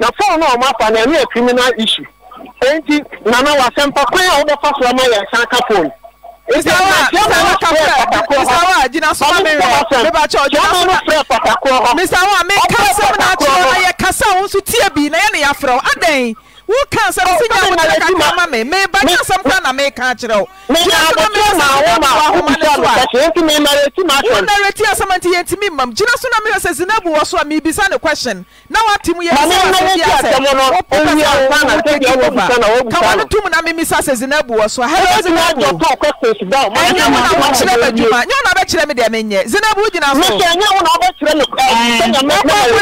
na fone a wɔn afa na ɛno yɛ criminal issue enti nana wa wasɛmpa kwan a wɔbɛfa so ama yɛn san ka fone. Misawa Misawa gyina so ma mi rɛ meba kyɛ gyina so ma Misawa mi kasa mi na kyerɛ na yɛ kasa a wɔn nso tie bi na yɛ ne yɛ afrɛ adan. woka sɛnyaamame mebaysɛm a na meka kyerɛoɛrsɛm yɛtimi mam gyina sona meɛsɛ zinabuwɔ so a mbisa ne kwɛson na wtemyɛwn tom na mmsasɛ zinabu wɔ seɛɛnɛkerɛ mɛ zinabuo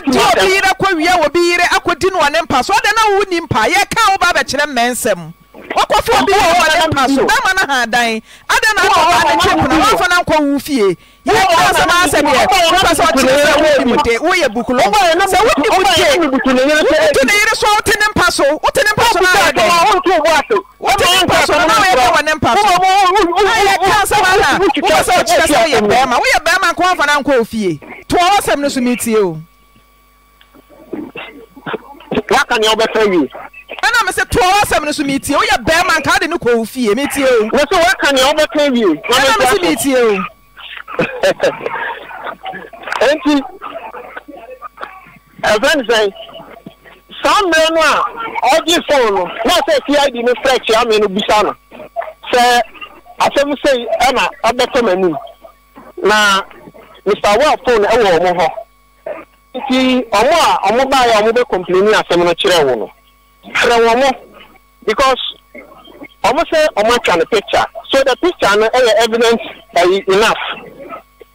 gina yer kwia wɔb yer akdi ne wne mpa so dɛ nawoonipa yɛka wo ba bɛkyerɛ mmɛ nsɛm wakɔfo obi wɔ wɔma ne mpa so bɛma no ha dan adɛn na akɔba ne kye pona wɔmfa no nkɔ wo fie yɛka asɛm asɛ deɛ wopɛ sɛ ɔkyerɛ sɛ woyɛ mu de woyɛ bukulo sɛ wonni mu de wotu ne yere so wote ne mpa so wote ne mpa so no adɛn wote ne mpa so no na woyɛka wɔ ne mpa so na yɛka asɛm ana wopɛ sɛ ɔkyerɛ sɛ woyɛ bɛrima woyɛ bɛrima nkɔ wɔmfa no nkɔ wo fie to ɔwɔ sɛm no so metie o waka nea wobɛfa wie ɛna sɛ w'asɛm no so metie woyɛ bɛrima nka wode fie metie o na ɛna me sɛ metie o enti ɛfɛ sɛn saa mmerɛ no a ɔgye fon no na sɛ cid no frɛ kyeame no bisa no sɛ asɛm sei ɛna m'anim na mr ɛwɔ ɔmo hɔ nti ɔmo a ɔmo asɛm no kyerɛ wo no frɛ wɔn mo because wɔn sɛ wɔn atwa ne picture so the picture no yɛ evident ɛyi enough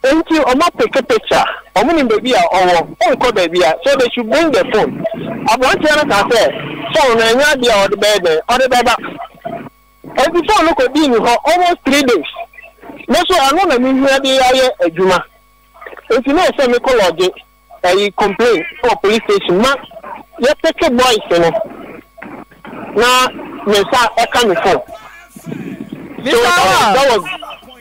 nti wɔn apeke picture wɔn nim beebi a ɔwɔ ɔnkɔ beebi a so they should bring the phone aberanteɛ no ka sɛ phone no ɛnyɛ adeɛ a ɔde bɛyɛ dɛ ɔde bɛba nti phone no kɔ dii ni hɔ almost three days ne so ano na mi hia de ayɛ adwuma nti na ɛsɛ mi kɔ lɔɔgye ɛyi complain police station ma yɛ peke boys no. na ne nsa ɛka ne fo. misawa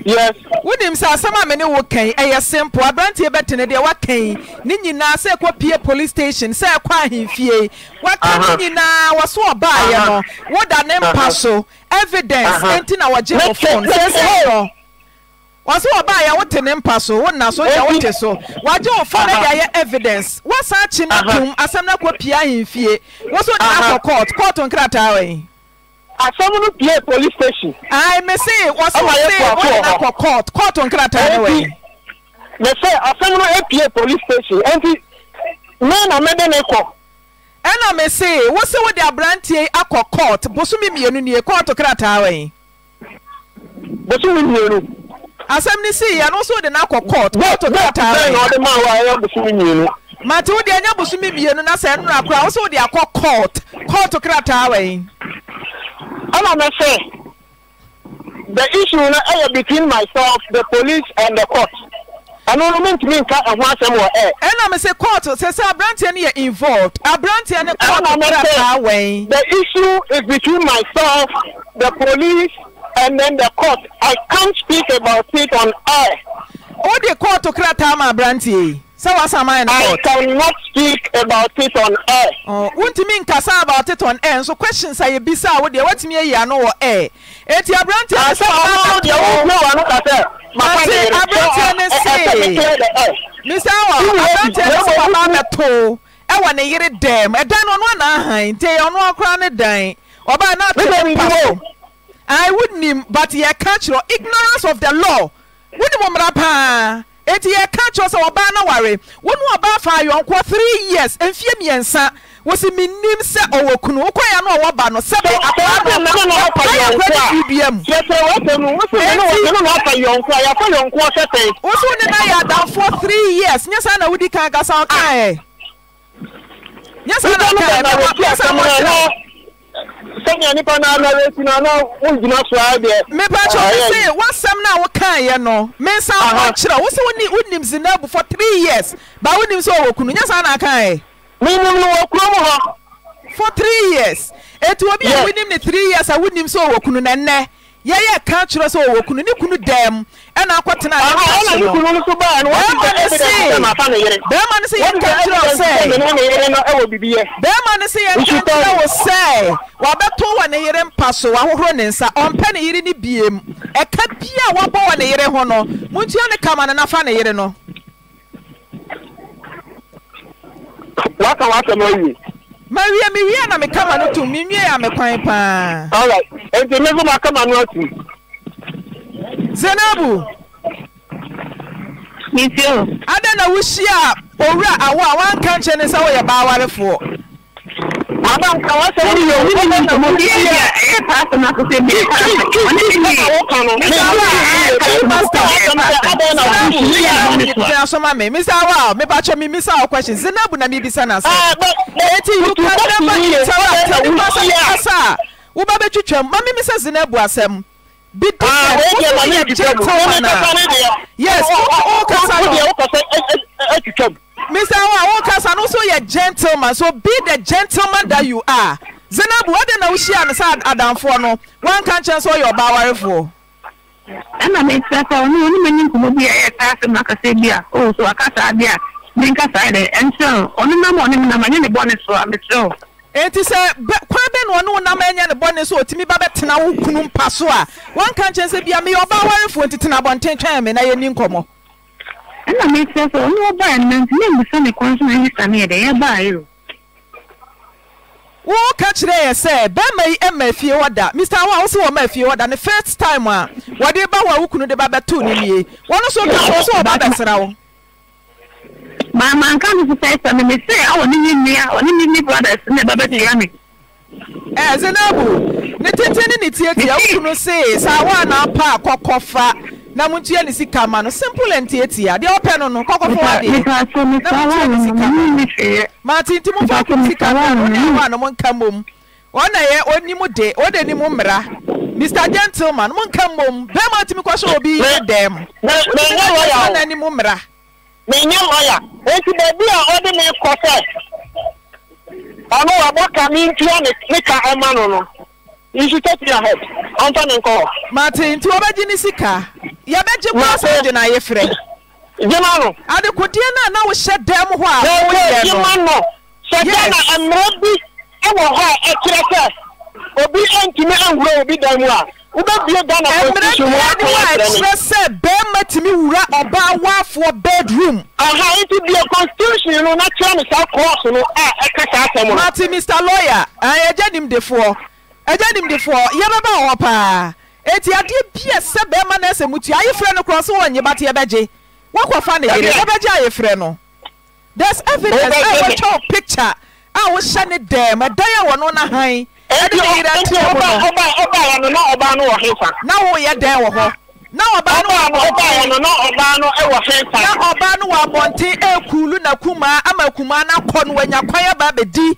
yes. wonim sɛ asɛm a mene wo kɛn ɛyɛ simple aberanteɛ bɛtene deɛ woakɛn ne nyinaa sɛ ɛkɔ pie police station sɛ ɛkɔ ahemfie waka ne uh-huh. nyinaa wɔ so ɔbaayɛ no uh-huh. woda ne mpa uh-huh. so evidence ɛnti na wɔgye wo phone sɛ sɛ ɛrɔ wɔsi ɔba a yɛwo te ne mpa so wo na so yɛwo te so wagye ofa na yɛayɛ evidence wasa akyi na tum asɛm na kɔ pia ahemfie woso de akɔ court court nkrataa wɔ yi. asɛm no pie police station. ayi mesi wɔsi wɔsi wɔde na kɔ court court nkrataa wɔ yi. mesi asɛm no apie police station nti naa na mɛde ne kɔ. ɛna mesi wosi wɔde aberanteɛ akɔ court bosomi mmienu nie court nkrataa wɔ yi. bosomi mmienu asɛm ne sii ɛno nso de n'akɔ court court dɔtaa bɛn na ɔde maa wa ɛyɛ bosomi mmienu. mate wode anya bosomi mmienu na sɛ nnora koraa wo sɛ wode akɔ court court krataa wɛn. ɛna mɛ sɛ the issue no ɛyɛ between myself the police and the court ɛno no mentumi nka ɛho asɛm wɔ ɛ. Eh. ɛna mɛ sɛ court sɛ sɛ aberanteɛ no yɛ involved aberanteɛ no court krataa wɛn. the issue is between myself the police and then the court. I can't speak about it on air. Who the court to krataa ma abranteɛ yi? Sɛ wasa ma yɛ court. I cannot speak about it on air. Oh, wuntumi nkasa about it on air nso questions a yɛbisa a wodeɛ watumi ayi ano wɔ air. Eti abranteɛ no sɛ ɔmo deɛ wɔn ne wɔn ano kasɛ. Ate abranteɛ no se. Misa wɔ abranteɛ no sɛ papa eh, eh, eh, bɛ to ɛwɔ ne yere dɛm ɛdan no ɔno anahan nti ɔno akora ne dan ɔbaa n'ate ne pa so wonnim but yɛka kyerɛ ignorance of the law wonim mmara paa enti yɛka kyerɛ sɛ ɔbaa no ware wo ne ɔbaa fa ayɔnkoɔ three years mfie mmiɛnsa wosi menim sɛ ɔwɔ kunu wokɔ ya ah. no ɔwɔ ba no sɛ bɛ akɔla no ɔkɔyɛ akɔla dua mu. wosi wo ne na yɛ adamfoɔ three years nyɛ saa na wodi kan kasa ɔkaɛ nyɛ saa na ɔkaɛ nyɛ saa na ɔkaɛ sɛnea nipa no anara ti no ana wogyina so a deɛ mepatwo me se woasɛm no a wokaeɛ no mensa wokyerɛ wo sɛ wonim zinabu for three years ba wonim sɛ ɔwɔ kunu nyɛ saa na akaeɛ menim no wɔ kurom hɔ for three years ɛti obi a wonim ne three years a wonim sɛ ɔwɔ kunu nɛnnɛ yɛyɛ ka kyerɛ sɛ ɔwɔ kunu ne kunu dɛm ɛna akɔtena bɛrima no sɛ yɛka kyerɛ sɛ bɛrima no sɛ yɛka kyerɛ wo sɛ wabɛto wɔ ne yere mpa so wahohoro ne nsa ɔmpɛ ne yere no biem ɛka bia a wabɔ wɔ ne yere ho no montua ne kama no nafa ne yere no waka waka no awie mawie mewie na kama no m'i tom menwie a mekwan paa alright nti mevo makama no atom zenabu adɛn na wohyia a owura awo a wanka nkyɛ ne sɛ woyɛ baawarefoɔ Bàbá nǹkan wọ́n sọ fún mi òun ní ìlú mo fi ṣe ẹ̀yẹ pàṣẹ náà kò ṣe bí i pàṣẹ wọ́n ní ìlú yìí kan nù. Mr. Awa kàlí pásítọ̀ Adáyọ̀nà ọ̀hún ṣì ní ìyá mi sùn. Ṣé asọ́mọ́ mi? Mr. Awa mẹ́bàtọ́ mi Mr. Awa question Zainabu na mi bi sá n'asẹ́. Eti yìí kú ẹ bá yìí tẹ́wọ́ àti nípa sọ ní kásá. Wọ́n bá bẹ twitwa mu, mami mi sẹ́ Zainabu asẹ́mu. Bi dùn sẹ́, wọ́n Mr. Awa, wọ́n kasa no so yẹ gentleman so be the gentleman that you are. Zainabu, wọ́n de na wusi anisa adanfoɔ no, wọ́n ka nkyɛn sɛ ɔyɛ ɔbaa awarefoɔ. Ɛna mi ti sɛ ɔno ɔno mi ni nkɔmɔ bi a ɛyɛ saa asɛm akasa bi a o so akasa adi a mi nkasa yɛ dɛ ɛnkyɛn so na ɔno nam ɛnyɛ ne bɔ ne so otimi kunu mpa so a wɔn ka a mi yɛ ɔbaa awarefoɔ ti tena abɔnten twɛn mi na yɛ ni ɛna mekyerɛ sɛ ɔno wɔbaa no nanti ne mmusa ne kwan so na ɛhisa no yɛdɛ yɛbaa yɛ o woka kyerɛ yɛ sɛ bɛrima yi ma afie hɔ da mr awa wo sɛ wɔma afie hɔ da ne first time a wɔde ba wɔ a kunu de ba bɛtoo no nie wɔno so ka sɛ sɛ wɔba bɛsra wo maamanka no so sɛ sɛ meme sɛ awɔ ne ne nnua ɔne ne ne brothers ne ɛba bɛtua me ɛ zenabu ne tete ne ne tiatia wo kunu se saa wa na apa akɔkɔfa na mo tua ne sika ma no simple ntiatia deɛ ɔpɛ no no kɔkɔ fɔ adeɛ na mo tua ne sika ma maa tinti mo fa kɔ sika ma no ne ho no mo nka mom ɔna yɛ onim de ɔde ne mo mmira mr gentleman mo nka mom bɛrima ti mi kɔ so obi yɛ dɛm ɔna ne mo mmira. menyɛ lɔya eti beebi a ɔde ne kɔ sɛ ɔno wabɔ ka mi ntua ne ka ɛma no no nsu tɛ fi ahɛ ɔnfa ne nkɔ. maa tinti ɔbɛgye ne sika yɛbɛgye passport na ayɛ frɛ gyema no adekodeɛ no a na wohyɛ dɛm hɔ a woyɛ no gyema no sɛ dɛ na mmerɛ bi ɛwɔ hɔ a ɛkyerɛ sɛ obi ntumi anwura obi dan mu a wobɛbie ghana constitution mu akyerɛ sɛ bɛrima tumi wura ɔbaa waafoɔ bedroom aha nti deɛ constitution no na kyerɛ no saa kɔɔso no a ɛka saa asɛm no mate mr lawyer ɛyɛgya nimdefoɔ ɛgya nimdefoɔ yɛbɛba wɔ paa eti adeɛ bia sɛ bɛrima no ɛsɛ mutua ayefrɛ no korɔ so wɔnye ba teɛ bɛgye woakɔfa ne yere wobɛgye ayefrɛ no is evidence a wɔtwa picture a wohyɛ ne dɛm ɛdan a wɔno no han ɛde ne yere ateɛ mu no na woyɛ dɛn wɔ hɔ na ɔbaa no wɔ na ɔbaa no wɔ abɔnten ɛkuulu na kumaa ama kumaa no akɔ no wanya kwan aba abɛdi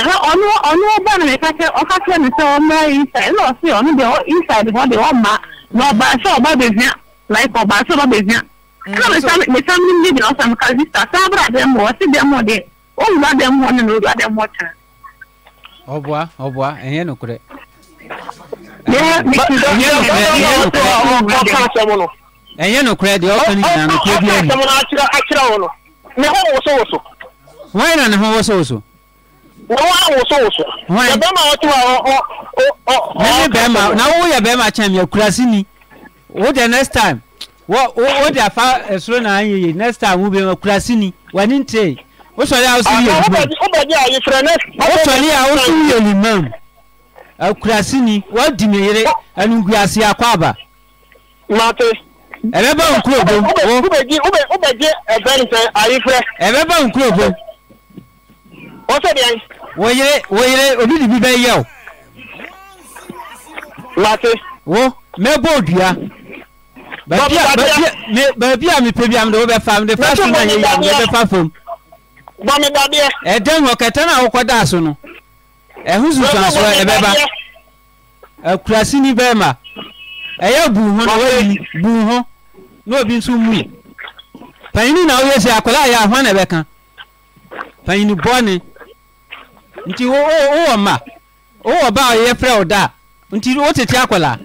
ọnụ ụgbọ na-ekake ọma isaid ọnụ isaid ọ dị ọma na ọbasa ọgbabezia laik ọbasa ọgbabezia ana mesa ndị ndị dị ọsa maka zista sabra dị mma ọsị dị mma dị owuwa dị mma ọnụ na owuwa dị mma ọcha ọbụa ọbụa ihe nukwere ɛnyɛ nokorɛ deɛ ɔka no nyinaa nokorɛ bi ani na wọn awoso woso. wọn yẹ bẹẹ ma ọtí wa ọ ọ na mi wọ́n next time wọ́n wọ́n afa ẹ̀soro náà yẹ next time wọ́n bẹẹ ma ekurasi ni wọ́n o sọ̀rọ̀ yà ọ̀sùn yẹ limam o sọ̀rọ̀ yà ọ̀sùn yẹ limam ekurasi ni wọ́n di mi yẹrẹ ẹnugu ase akọ aba. mate. ẹbẹ bá nkúrò bom. ọbẹ jẹ ẹbẹ nsẹ ayé fẹ. ẹbẹ bá woyere woyere olùdí bí bẹ́ẹ̀ yẹ o. mate. wo mẹ́bọ̀ òdùá. bàbí a bàbí a mi pè bí amúdé wo bẹ fa amúdé fa fún mi yẹ yẹ bẹ fa fún. bọ́mi dadeɛ. ɛdɛn hɔ kɛtɛ náà wọ́kɔ da so no ɛho susan so ɛbɛ ba akurasi ni bɛɛ ma ɛyɛ bu ho na wɔyi bu ho na obi nso mu yi panyin na oyɛ si akwadaa yɛ ahwa na ɛbɛka panyin bɔni. nti wowɔ ma wowɔ ba ɔyɛ frɛ wo da nti wotete akɔla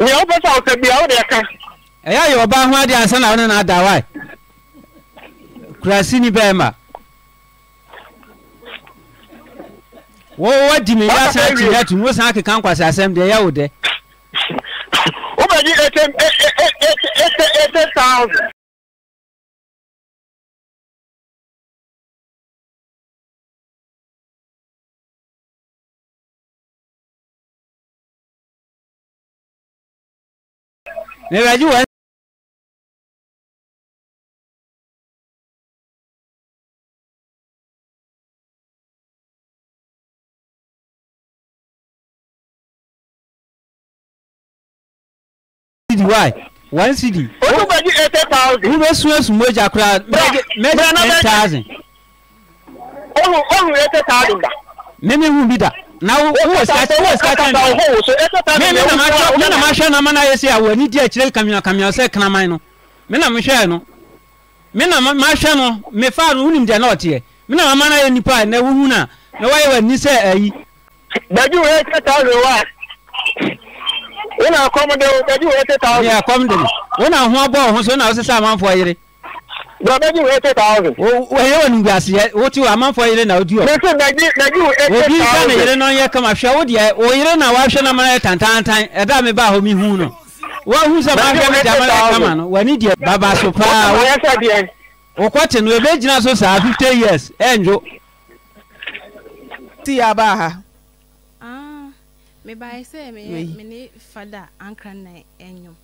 nea wopɛ sɛ wosɛ bia wode ɛka ɛyɛ ayɛ ɔba ho ade ansa na wone na ada wae kurasini bɛɛma ma di me yɛ asa akyi dɛ tum wosan akeka nkwasɛ asɛm deɛ ɛyɛ wo dɛ Esse, esse, esse, esse é salvo. Meu é de cd why one cd. o tún bẹ di eighty thousand. wọ́n bẹ sun ẹ̀sùn mọ́jà kura ten thousand. ohun ohun eighty thousand da. mímí hun bi da na wo wo sikata wo sikata ni mi mi na ma sọ mi na ma sọ na ma na ye se awọ ni di akyire kamiya kamiya sẹ kanaman no mi na mi sọ yẹ no mi na ma sọ no mi fa no wuli mi diẹ na ọtí yẹ mi na ma ma na ye nipa na ewu hun na na wa ye wa ni sẹ ẹyi. gbẹ̀jú wo eighty thousand wa. wọn na akɔm de o bɛji wɔ eighty thousand. ní akɔm de wọn na ho abɔ ɔho so na ɔsesa amanfoɔ yere. dɔ bɛji wɔ eighty thousand. o ɛyɛ wɔ nugbaseɛ o ti wɔ amanfoɔ na o di wɔ. bɛsi obi nsa yere o deɛ o yere na wahwɛ na mana yɛ tantantan ɛda mi ba hɔ hu no wɔn sɛ yɛ kama no deɛ baba so paa o kɔ mebae sɛ me ne fada ankra na ɛnwom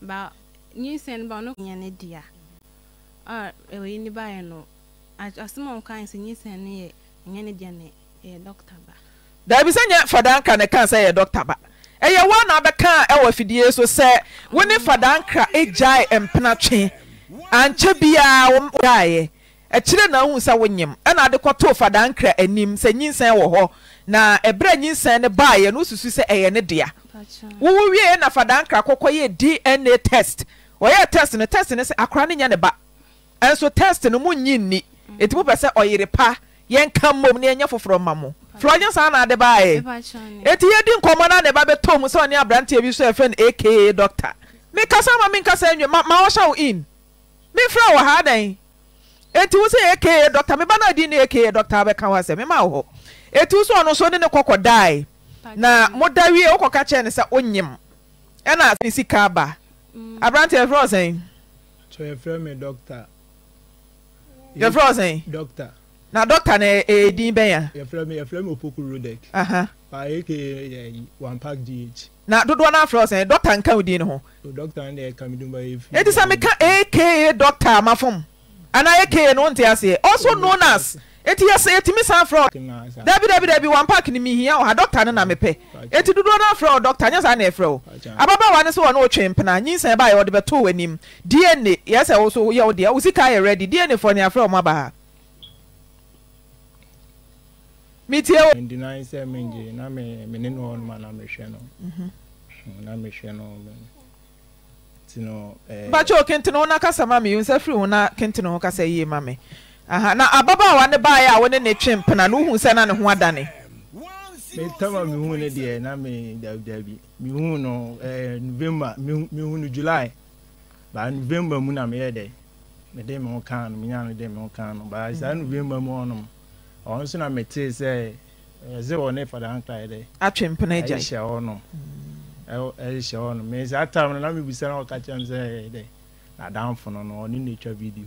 ba nyinsɛ no ba ɔno nya ne dea ɛwɔyi ne baeɛ no asɛm a ɔkae sɛ nyinsɛ no yɛ ɛnyɛ ne dea ne ɛyɛ dɔkta ba daabi sɛ nyɛ fada ankra ne kaa sɛ yɛ dɔkta ba ɛyɛ wo na abɛka ɛwɔ afidie so sɛ wo ne fada ankra ɛgyae mpena twe ankyɛ biaa wo gyaeɛ ɛkyerɛ na wohu sɛ wonyem ɛna ade fada ankra anim sɛ nyinsɛn wɔ hɔ na ɛberɛ nyinsɛn no baeɛ no wosusu sɛ ɛyɛ ne dea wowo wie na fadaa nkra kɔkɔ yɛ dna test wɔyɛ test no test no sɛ akora no nyɛ ne ba ɛnso test no mu nyi nni ɛti mm. mopɛ sɛ ɔyere pa yɛnka mmom na yɛnyɛ foforɔ ma mo flɔnye saa na ade baeɛ ɛti yɛdi nkɔmmɔ no a ne ba bɛtɔ tom sɛ ɔne aberanteɛ bi so ɛfɛ no aka doctor kasa ma menkasa nwe ma ma wɔhyɛ wo in memfrɛ wɔ ha dan ɛti wo aka doctor meba no adi ne aka doctor bɛka ho asɛ mema wo hɔ etu mm. so ɔno nso ne ne kɔkɔ dae na moda wie wokɔka kyerɛ no sɛ wonyim ɛna ne sika aba aberante yɛfrɛ wo sɛn yɛfrɛ wo sɛn na dɔkta no ɛyɛ din bɛn a e, e, na dodoɔ no afrɛ wo sɛn dɔkta nka wo din no ho ɛnti sɛ meka aka e, dɔkta amafom anaa aka no wonte aseɛ also known as eti yɛsɛ yɛtumi san frɛ dabi dabi dabi wan park ni mihia ɔha dɔkta no na mepɛ eti dodoɔ no afrɛ dɔkta nyɛ saa na ɛfrɛ o ababaawa no sɛ wɔne wo twen pena nyinsa ɛbaayɛ wɔde bɛtoo w'anim dna yɛsɛ wo so yɛ wo deɛ wo sika yɛ ready dna fɔ ne afrɛ ɔmo aba ha metie o. ndina sɛ mi ngye na mi mi ne no hɔ noma na mi hwɛ mhm. mm-hmm. eh. no na mi hwɛ no ti no. bàtchɛ o kente no ho na kasa ma mi yi nsa firi ho na kente no ho kasa yie ma mi. aha na ababaawa ne baayɛ a wo ne ne twe mpena na wohu sɛ na ne ho adane metama mehu no deɛ na me dabidabi mehu no eh, november mehu no july baa november mu na meyɛ dɛ mede me ho kan no menya no dɛ me ho kaa no baa saa mm. november mu ɔnom ɔno nso na metee sɛ eh, ɛsɛ wɔ ne fadankae dɛ atwe mpena agya ɛhyɛ hɔ no mm. ɛhyɛ hɔ no me saa tam no na mebisa na ɔka kyerɛ m sɛ eh, dɛ nadamfo no no ɔne no atwa video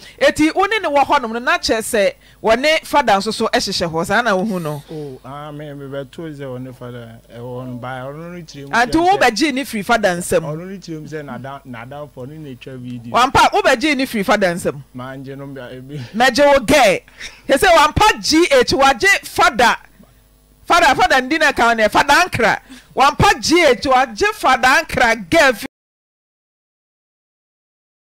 ɛti wo ne ne wɔ hɔnom no na kyeɛ sɛ wɔne fada nso so hyehyɛ hɔ saa na wohu no oh, anti wobɛgyee ne firi fada nsɛmmpa wobɛgyee ne firi fada nsɛm mɛgye wo gɛ ɛ sɛ wampa gh wagye fada fada fada ndi no ka wo neɛ fada nkra wmpa g wagye fadaa nkra ga fi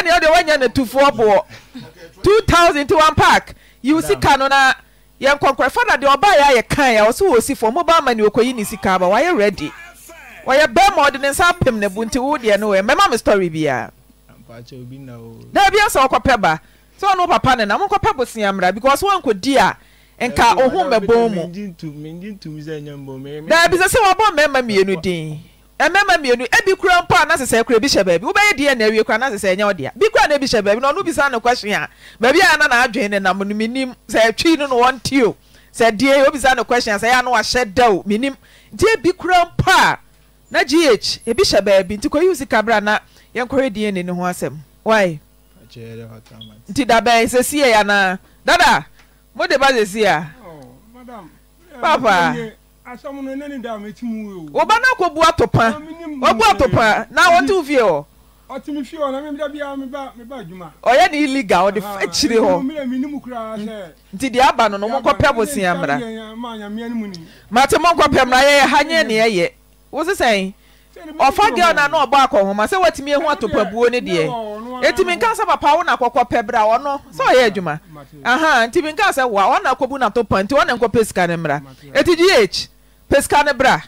ɛ ɛnayana tufoɔ boɔ 2000 t pack yiwo sika no no yɛɔnk fada deɛ ɔbayɛyɛ kaa ɔ sɛ wɔ sifoɔ mbamane wɔkɔyine sika baa wayɛ redi ɔyɛ bɛi ma ode no nsa pem na bu nti wode no mmɛmame story bia dabiasɛ wokɔpɛ ba sɛ wnowo papa no namokɔpɛ bosea mra beausewankɔdi a nka ohomɛbɔ muaabisa sɛ wb mmai a nasɛɛ iwoɛɛɛ ɛ ainane ke aeeɛyɛntibi kra ɛ ɛ mo de ba de si a. papa asamu o. ba na ko bu atopa o bu atopa na wọn ti fi ọ. ọtí mi fi ọ na mi da bi mi ba mi ba juma. ọyẹ ni illegal ọdi fẹ kyiri hɔ. mi mi ni mu kura sɛ. nti di aba no no mo kɔ pɛ bosia mra. maa ti mo kɔ pɛ mra yɛ yɛ ha nyɛ ni yɛ yɛ wosi ɔfa ọ na na ɔbɔ akɔ homa sɛ watumi ɛhu atopabuo no deɛ ɛtimi nka sɛ papa wo na kɔkɔ pɛ berɛ a ɔno ọ ɔyɛ adwuma aha ntimi nka sɛ wa ɔna kɔbu no atopa nti ɔne nkɔ pesika no mmra ɛti gh pesika no bra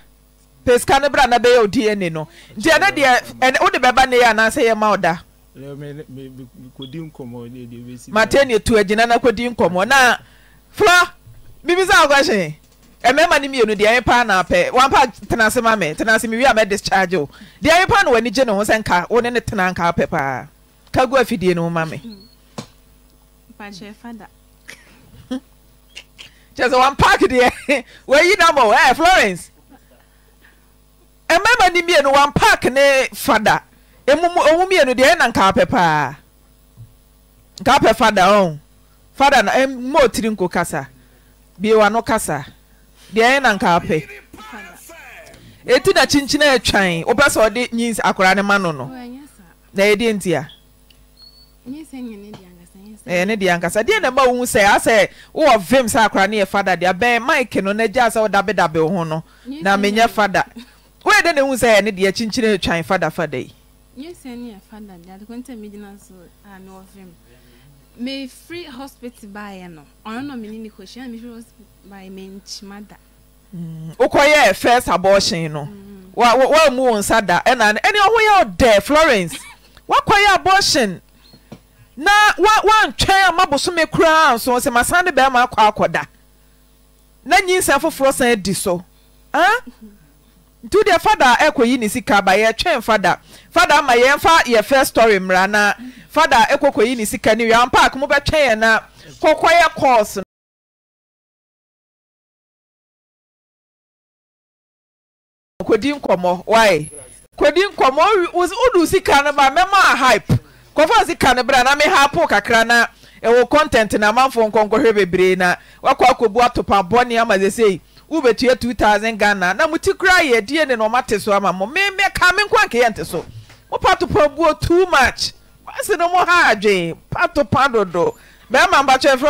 pesika no bra na bɛyɛ odi ani no nti ɛne deɛ wode bɛba ne na anaasɛ yɛ ma ɔda matania tu agyina na kɔdi nkɔmmɔ na fla bibisa akɔhye ɛmɛma nenu deɛ panaɛpa tenase mam taswi mɛischargeo ɛ pa na angen hoɛɛpakɛfeeapak daɛaɛ dr asasa deɛ ɛyɛ na nka apɛ eti na kyinkyin atwan wopɛ sɛ ɔde nyins akwaraa ne ma no no na yɛ deɛ ntia ɛyɛ ne deɛ ankasa deɛ na ɛma wo hu sɛ asɛ wowɔ vim sɛ akwaraa ne yɛ fada deɛ abɛn mike no n'agya sɛ wodabedabe wo ho no na menyɛ fada woyɛ dɛ na ehu sɛ ɛyɛ ne deɛ kyinkyin atwan fada fada yi. nyɛ sɛ ne me free hospital baayɛ no ɔno na mene ne kɔhyia na me free hospital baayɛ menkyima da wokɔyɛ first abortion no woammu wo nsa da ɛna ɛne ɔho yɛ ɔdɛ florence woakɔyɛ abortion na woantwɛn ama bosome koraa nso sɛ masan de bɛrima akɔ akɔda na nyinsɛn foforɔ san adi so ntiwdeɛ fada ɛkɔ yi ne sika ba yɛtwɛn fada fada ma yɛmfa yɛ fi story mmara na fada ɛkkɔyi ne sika ne wi ampa a komo bɛtwɛ ɛna kɔkɔyɛ cus nkdi nkɔmmɔ kodi nkɔmmɔ wodu sika no ba mɛmaa hype kɔfa osika no brɛ a na me ha poe kakra na ɛwɔ content na manfoɔ nkɔnkɔhwɛ bebree no wakɔ akɔbu atopa bɔne ama se sei two thousand ghana na muti kora yɛ die ne na ɔmate so ama mo meka me nko ankeyɛ nte so mopatopa buo too much wase no mo ha adwe patopa dodo bɛrima mbakyɛfrɛ